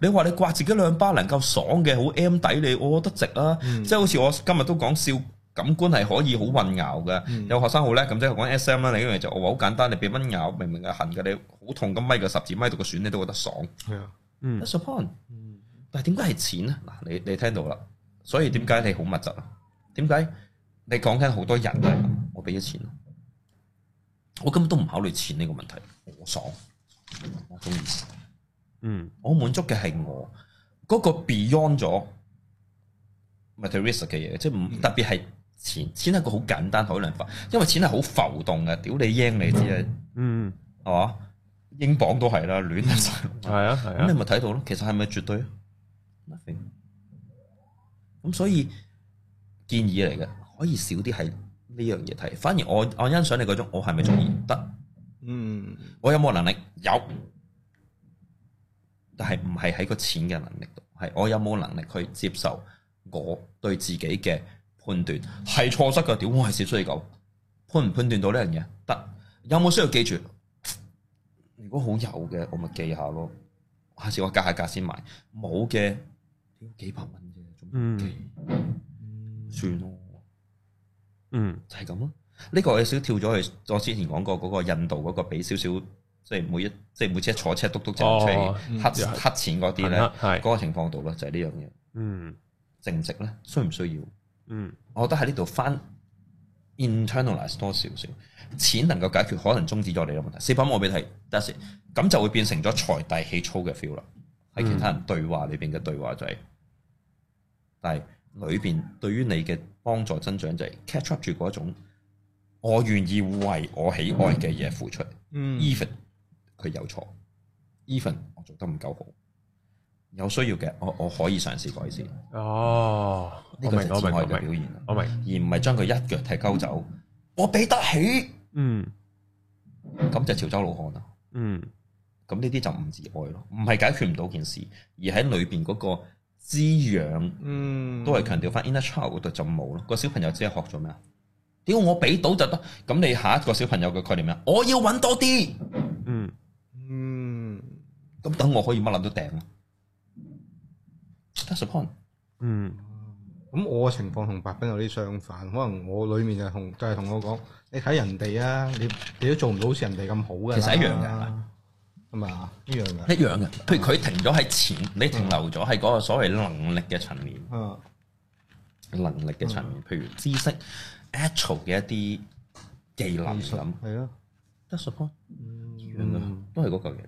你話你刮自己兩巴能夠爽嘅，好 M 抵你，我覺得值啊！嗯、即係好似我今日都講笑。感官係可以好混淆嘅，嗯、有學生好咧，咁即係講 S.M. 啦，你因為就我話好簡單，你俾蚊咬，明明啊？痕嘅你好痛，咁咪個十字米度個損，你都覺得爽。係啊，嗯。Suppose，嗯，但係點解係錢啊？嗱，你你聽到啦，所以點解你好物質啊？點解你講緊好多人咧？我俾咗錢，我根本都唔考慮錢呢個問題，我爽，我中意，嗯，我滿足嘅係我嗰、嗰個 beyond 咗 material 嘅嘢，即係、嗯、特別係。錢錢係一個好簡單、好亂法，因為錢係好浮動嘅，屌你英你知啊，嗯，係嘛吧？英鎊都係啦，亂曬，係啊係啊，咁、啊、你咪睇到咯。其實係咪絕對啊？Nothing。咁所以建議嚟嘅，可以少啲喺呢樣嘢睇。反而我我欣賞你嗰種，我係咪中意得？嗯，我有冇能力？有，但係唔係喺個錢嘅能力度，係我有冇能力去接受我對自己嘅。判斷係錯失噶，屌，我係少需要講，判唔判斷到呢樣嘢？得，有冇需要記住？如果好有嘅，我咪記下咯。下次我加下價先買。冇嘅，幾百蚊啫，做乜記？算咯，嗯，了嗯就係咁咯。呢、這個有少跳咗去我之前講過嗰、那個印度嗰個俾少少，即係每一即係每次一坐車篤篤就出黑黑錢嗰啲咧，嗰個情況度咯，就係呢樣嘢。嗯，值唔值咧？需唔需要？嗯，我覺得喺呢度翻 internalize 多少少，錢能夠解決可能終止咗你嘅問題。四品我俾你睇，that's it，咁就會變成咗財大氣粗嘅 feel 啦。喺其他人對話裏邊嘅對話就係、是。但係裏邊對於你嘅幫助增長就係 catch up 住一種我願意為我喜愛嘅嘢付出、嗯、，even 佢有錯 even 我做得唔夠好。有需要嘅，我我可以嘗試改善。哦，呢個係我嘅表現，我明，我明，我明，而唔係將佢一腳踢溝走。我俾得起，嗯，咁就潮州老漢啦。嗯，咁呢啲就唔自愛咯，唔係解決唔到件事，而喺裏邊嗰個滋養，嗯，都係強調翻 inner child 嗰度就冇咯。那個小朋友只係學咗咩啊？屌我俾到就得，咁你下一個小朋友嘅概念咩？我要揾多啲、嗯，嗯嗯，咁等我可以乜諗都掟啦。得嗯，咁我嘅情況同白兵有啲相反，可能我裏面就同就係同我講，你睇人哋啊，你你都做唔到好似人哋咁好噶。其實一樣嘅，係咪啊？一樣嘅，一樣嘅。譬如佢停咗喺錢，你停留咗喺嗰個所謂能力嘅層面。嗯、能力嘅層面，譬如知識、嗯、actual 嘅一啲技能咁。係咯，得嗯，一樣噶，都係咁講嘅。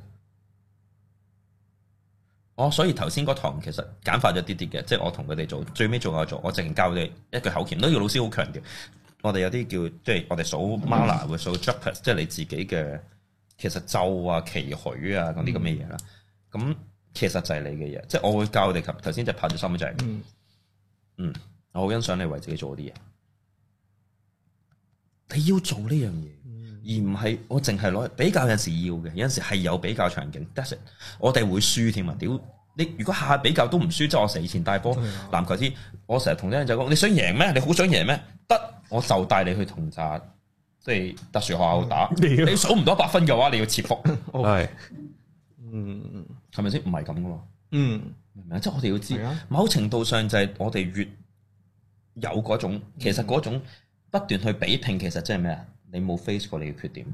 哦，所以頭先個堂其實簡化咗啲啲嘅，即係我同佢哋做最尾做下做，我淨教你一句口訣。都要老師好強調，我哋有啲叫即係我哋數 mala 會數 japa 即係你自己嘅其實咒啊期許啊嗰啲咁嘅嘢啦。咁、嗯、其實就係你嘅嘢，即係我會教你哋頭先就拍咗心就係嗯，嗯，我好欣賞你為自己做啲嘢，你要做呢樣嘢。嗯而唔係我淨係攞嚟比較有陣時要嘅，有陣時係有比較場景。我哋會輸添啊！屌你，你如果下下比較都唔輸，即、就、係、是、我成以前帶波，籃、啊、球啲，我成日同啲人就講：你想贏咩？你好想贏咩？得我就帶你去同咋即係特殊學校打。嗯、你，你數唔到百分嘅話，你要切腹。」係，嗯，係咪先？唔係咁噶嘛。嗯，明即係我哋要知，啊、某程度上就係我哋越有嗰種，嗯、其實嗰種不斷去比拼，其實即係咩啊？你冇 face 過你嘅缺點，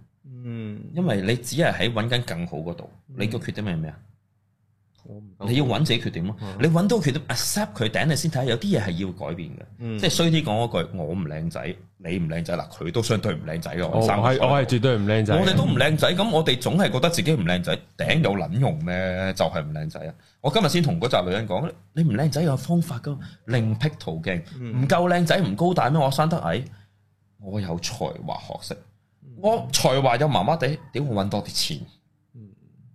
嗯，因為你只係喺揾緊更好嗰度，嗯、你個缺點咪係咩啊？你要揾自己缺點咯。嗯、你揾到缺點 accept 佢頂你先睇下，有啲嘢係要改變嘅。即係衰啲講嗰句，我唔靚仔，你唔靚仔，嗱佢都相對唔靚仔嘅。我係我係絕對唔靚仔，我哋都唔靚仔，咁我哋、嗯、總係覺得自己唔靚仔，頂有撚用咩？就係唔靚仔啊！我今日先同嗰扎女人講，你唔靚仔有方法㗎，另闢途徑，唔夠靚仔唔高大咩？我生得矮。我有才華學識，我才華有麻麻地，點會搵多啲錢，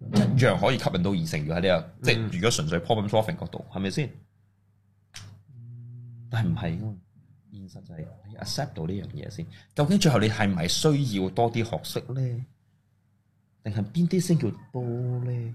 一樣可以吸引到異性，這個嗯。如果喺呢度，即如果純粹 problem solving 角度，係咪先？嗯、但係唔係噶嘛？現實就係你 accept 到呢樣嘢先。究竟最後你係咪需要多啲學識咧？定係邊啲先叫多咧？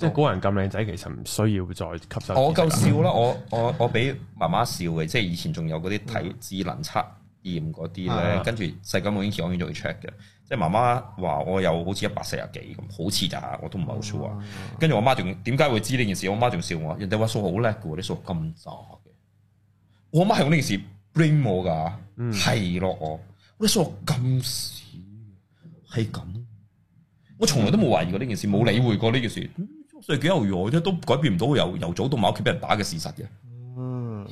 即係高人咁靚仔，其實唔需要再吸收。我夠笑啦，我我我畀媽媽笑嘅，即係以前仲有嗰啲體智能測驗嗰啲咧，嗯、跟住細個我已經開始做 check 嘅。即係媽媽話我有好似一百四十幾咁，好似咋，我都唔係好 sure。啊、跟住我媽仲點解會知呢件事？我媽仲笑我，人哋話數好叻嘅喎，你數咁渣嘅。我媽係用呢件事 bring 我㗎，係咯、嗯，我你數學咁屎，係咁。我從來都冇懷疑過呢件事，冇理會過呢件事。嗯。所以幾歐元，我都都改變唔到由由早到晚屋企俾人打嘅事實嘅。嗯，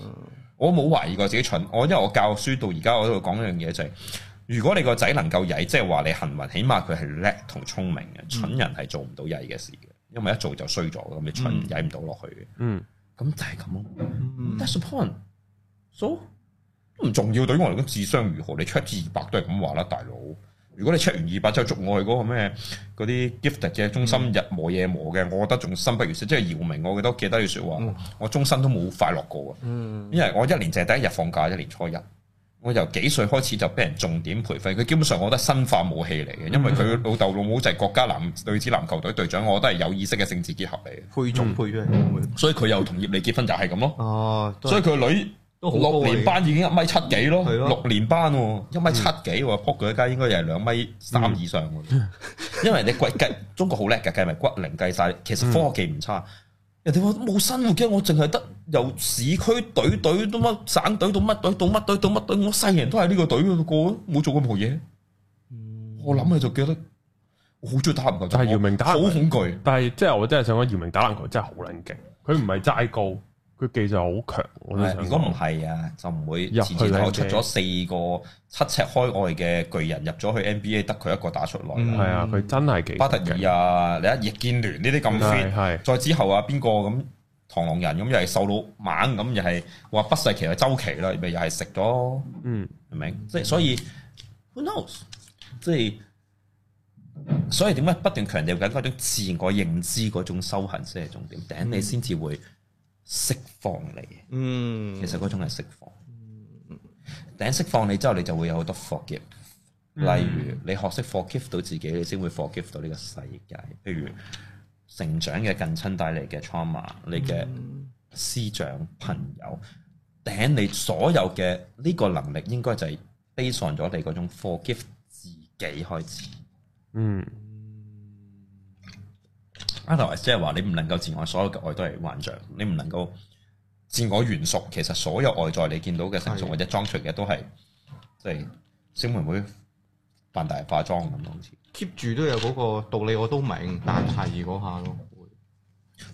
我冇懷疑過自己蠢。我因為我教書到而家，我喺度講一樣嘢，就係如果你個仔能夠曳，即係話你幸運，起碼佢係叻同聰明嘅。蠢人係做唔到曳嘅事嘅，因為一做就衰咗，咁你蠢曳唔到落去嘅。嗯，咁就係咁咯。That’s the point. So 都唔重要，對我嚟講，智商如何，你出至二百都係咁話啦，大佬。如果你出完二百之後捉我去嗰個咩嗰啲 gifted 嘅中心日磨夜磨嘅，嗯、我覺得仲心不如死。即係姚明，我記得記得句説話，我終身都冇快樂過啊！嗯嗯，因為我一年淨係第一日放假，一年初一，我由幾歲開始就俾人重點培訓。佢基本上我覺得生化武器嚟嘅，因為佢老豆老母就係國家男女子籃球隊隊長，我覺得係有意識嘅政治結合嚟嘅。配種培養，所以佢又同葉莉結婚就係咁咯。哦，所以佢個女。六年班已經一米七幾咯，六吧年班一、啊、米七幾喎，博佢一家應該又係兩米三以上喎。嗯、因為你計計， <laughs> 中國好叻嘅計埋骨齡計晒。其實科學技唔差。嗯、人哋話冇生活嘅，我淨係得由市區隊隊都乜省隊到乜隊到乜隊到乜隊，我細人都喺呢個隊度過冇做過冇嘢。我諗起就記得，我好中意打籃球，但係姚明打好恐懼。但係即係我真係想講姚明打籃球真係好撚勁，佢唔係齋高。佢技術好強，如果唔係啊，就唔會前前後出咗四個七尺開外嘅巨人入咗去 NBA，得佢一個打出來。嗯，嗯啊，佢真係幾巴特爾啊，你一易建聯呢啲咁 fit 再之後啊，邊個咁螳螂人咁又係瘦到猛咁，又係話不世奇係周琦啦，咪又係食咗，嗯，明？即係、嗯、所以，who knows？即係所以點解不斷強調緊嗰種自我認知嗰種修行先係重點，頂你先至會。嗯釋放你，嗯、其實嗰種係釋放。頂、嗯、釋放你之後，你就會有好多 forgive、嗯。例如你學識 forgive 到自己，你先會 forgive 到呢個世界。譬如成長嘅近親帶嚟嘅 trauma，你嘅師長、朋友，頂、嗯、你所有嘅呢個能力，應該就係 base 上咗你嗰種 forgive 自己開始。嗯。即係話你唔能夠自我，所有嘅愛都係幻象。你唔能夠自我元熟，其實所有外在你見到嘅成熟或者裝出嘅都係，即係小妹妹扮大化妝咁咯，好似 keep 住都有嗰個道理，我都明，嗯、但係嗰下咯，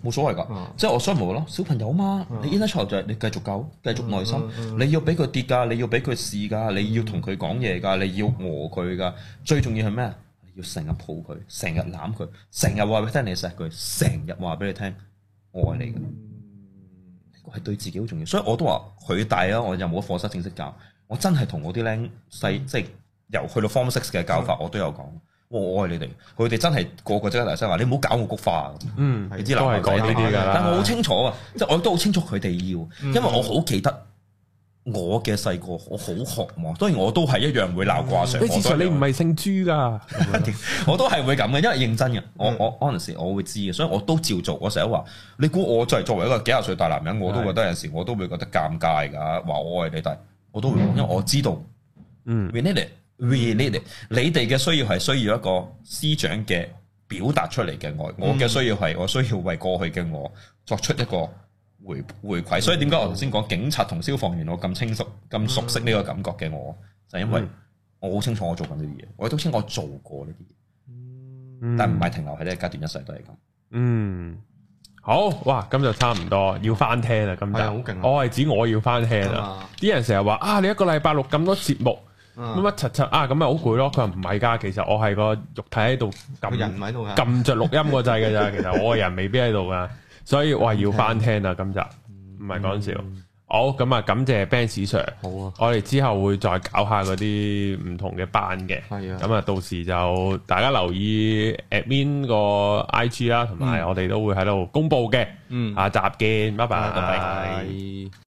冇所謂噶，嗯、即係我所以無咯。小朋友嘛，你依家出頭就係你繼續教，繼續耐心，嗯嗯嗯嗯，你。你要俾佢跌噶，你要俾佢試噶，你要同佢講嘢噶，你要餓佢噶。最重要係咩？要成日抱佢，成日攬佢，成日話畀你聽，佢，成日話俾你聽，你錫佢，成日話俾你聽我愛你嘅，係對自己好重要。所以我都話佢大咯，我又冇課室正式教，我真係同我啲僆細，嗯、即係由去到 form six 嘅教法，我都有講，我愛你哋，佢哋真係個個即刻大聲話，你唔好搞我菊花，嗯，你知都係講呢啲㗎啦。但我好清楚啊，嗯、即係我都好清楚佢哋要，因為我好記得。我嘅細個，我好渴望。當然我都係一樣會鬧掛上。你自你唔係姓朱噶。 <laughs> 我都係會咁嘅，因為認真嘅。我、嗯、我有陣時我會知嘅，所以我都照做。我成日話，你估我就係作為一個幾廿歲大男人，我都覺得有陣時我都會覺得尷尬噶。話我愛你，但我都會，嗯、因為我知道，嗯 r e 你哋嘅需要係需要一個師長嘅表達出嚟嘅愛，我嘅需要係我需要為過去嘅我作出一個。回回饋，所以點解我頭先講警察同消防員我，我咁清楚、咁熟悉呢個感覺嘅我，嗯、就因為我好清楚我做緊呢啲嘢，我都知我做過呢啲嘢，嗯、但唔係停留喺呢個階段一，一世都係咁。嗯，好哇，咁就差唔多要翻聽啦，今日、啊、我係指我要翻聽啦。啲吧人成日話啊，你一個禮拜錄咁多節目乜乜柒柒啊，咁咪好攰咯？佢話唔係㗎，其實我係個肉體喺度撳，人喺度㗎，撳著錄音個掣㗎咋。其實我個人未必喺度㗎。 <laughs> 所以我係要翻聽啦，今集唔係講笑。嗯、好咁啊，感謝 Benz Sir。好啊，我哋之後會再搞下嗰啲唔同嘅班嘅。係啊，咁啊，到時就大家留意 Admin 個 IG 啦，同埋我哋都會喺度公布嘅。嗯，下集見，拜拜、嗯。拜拜。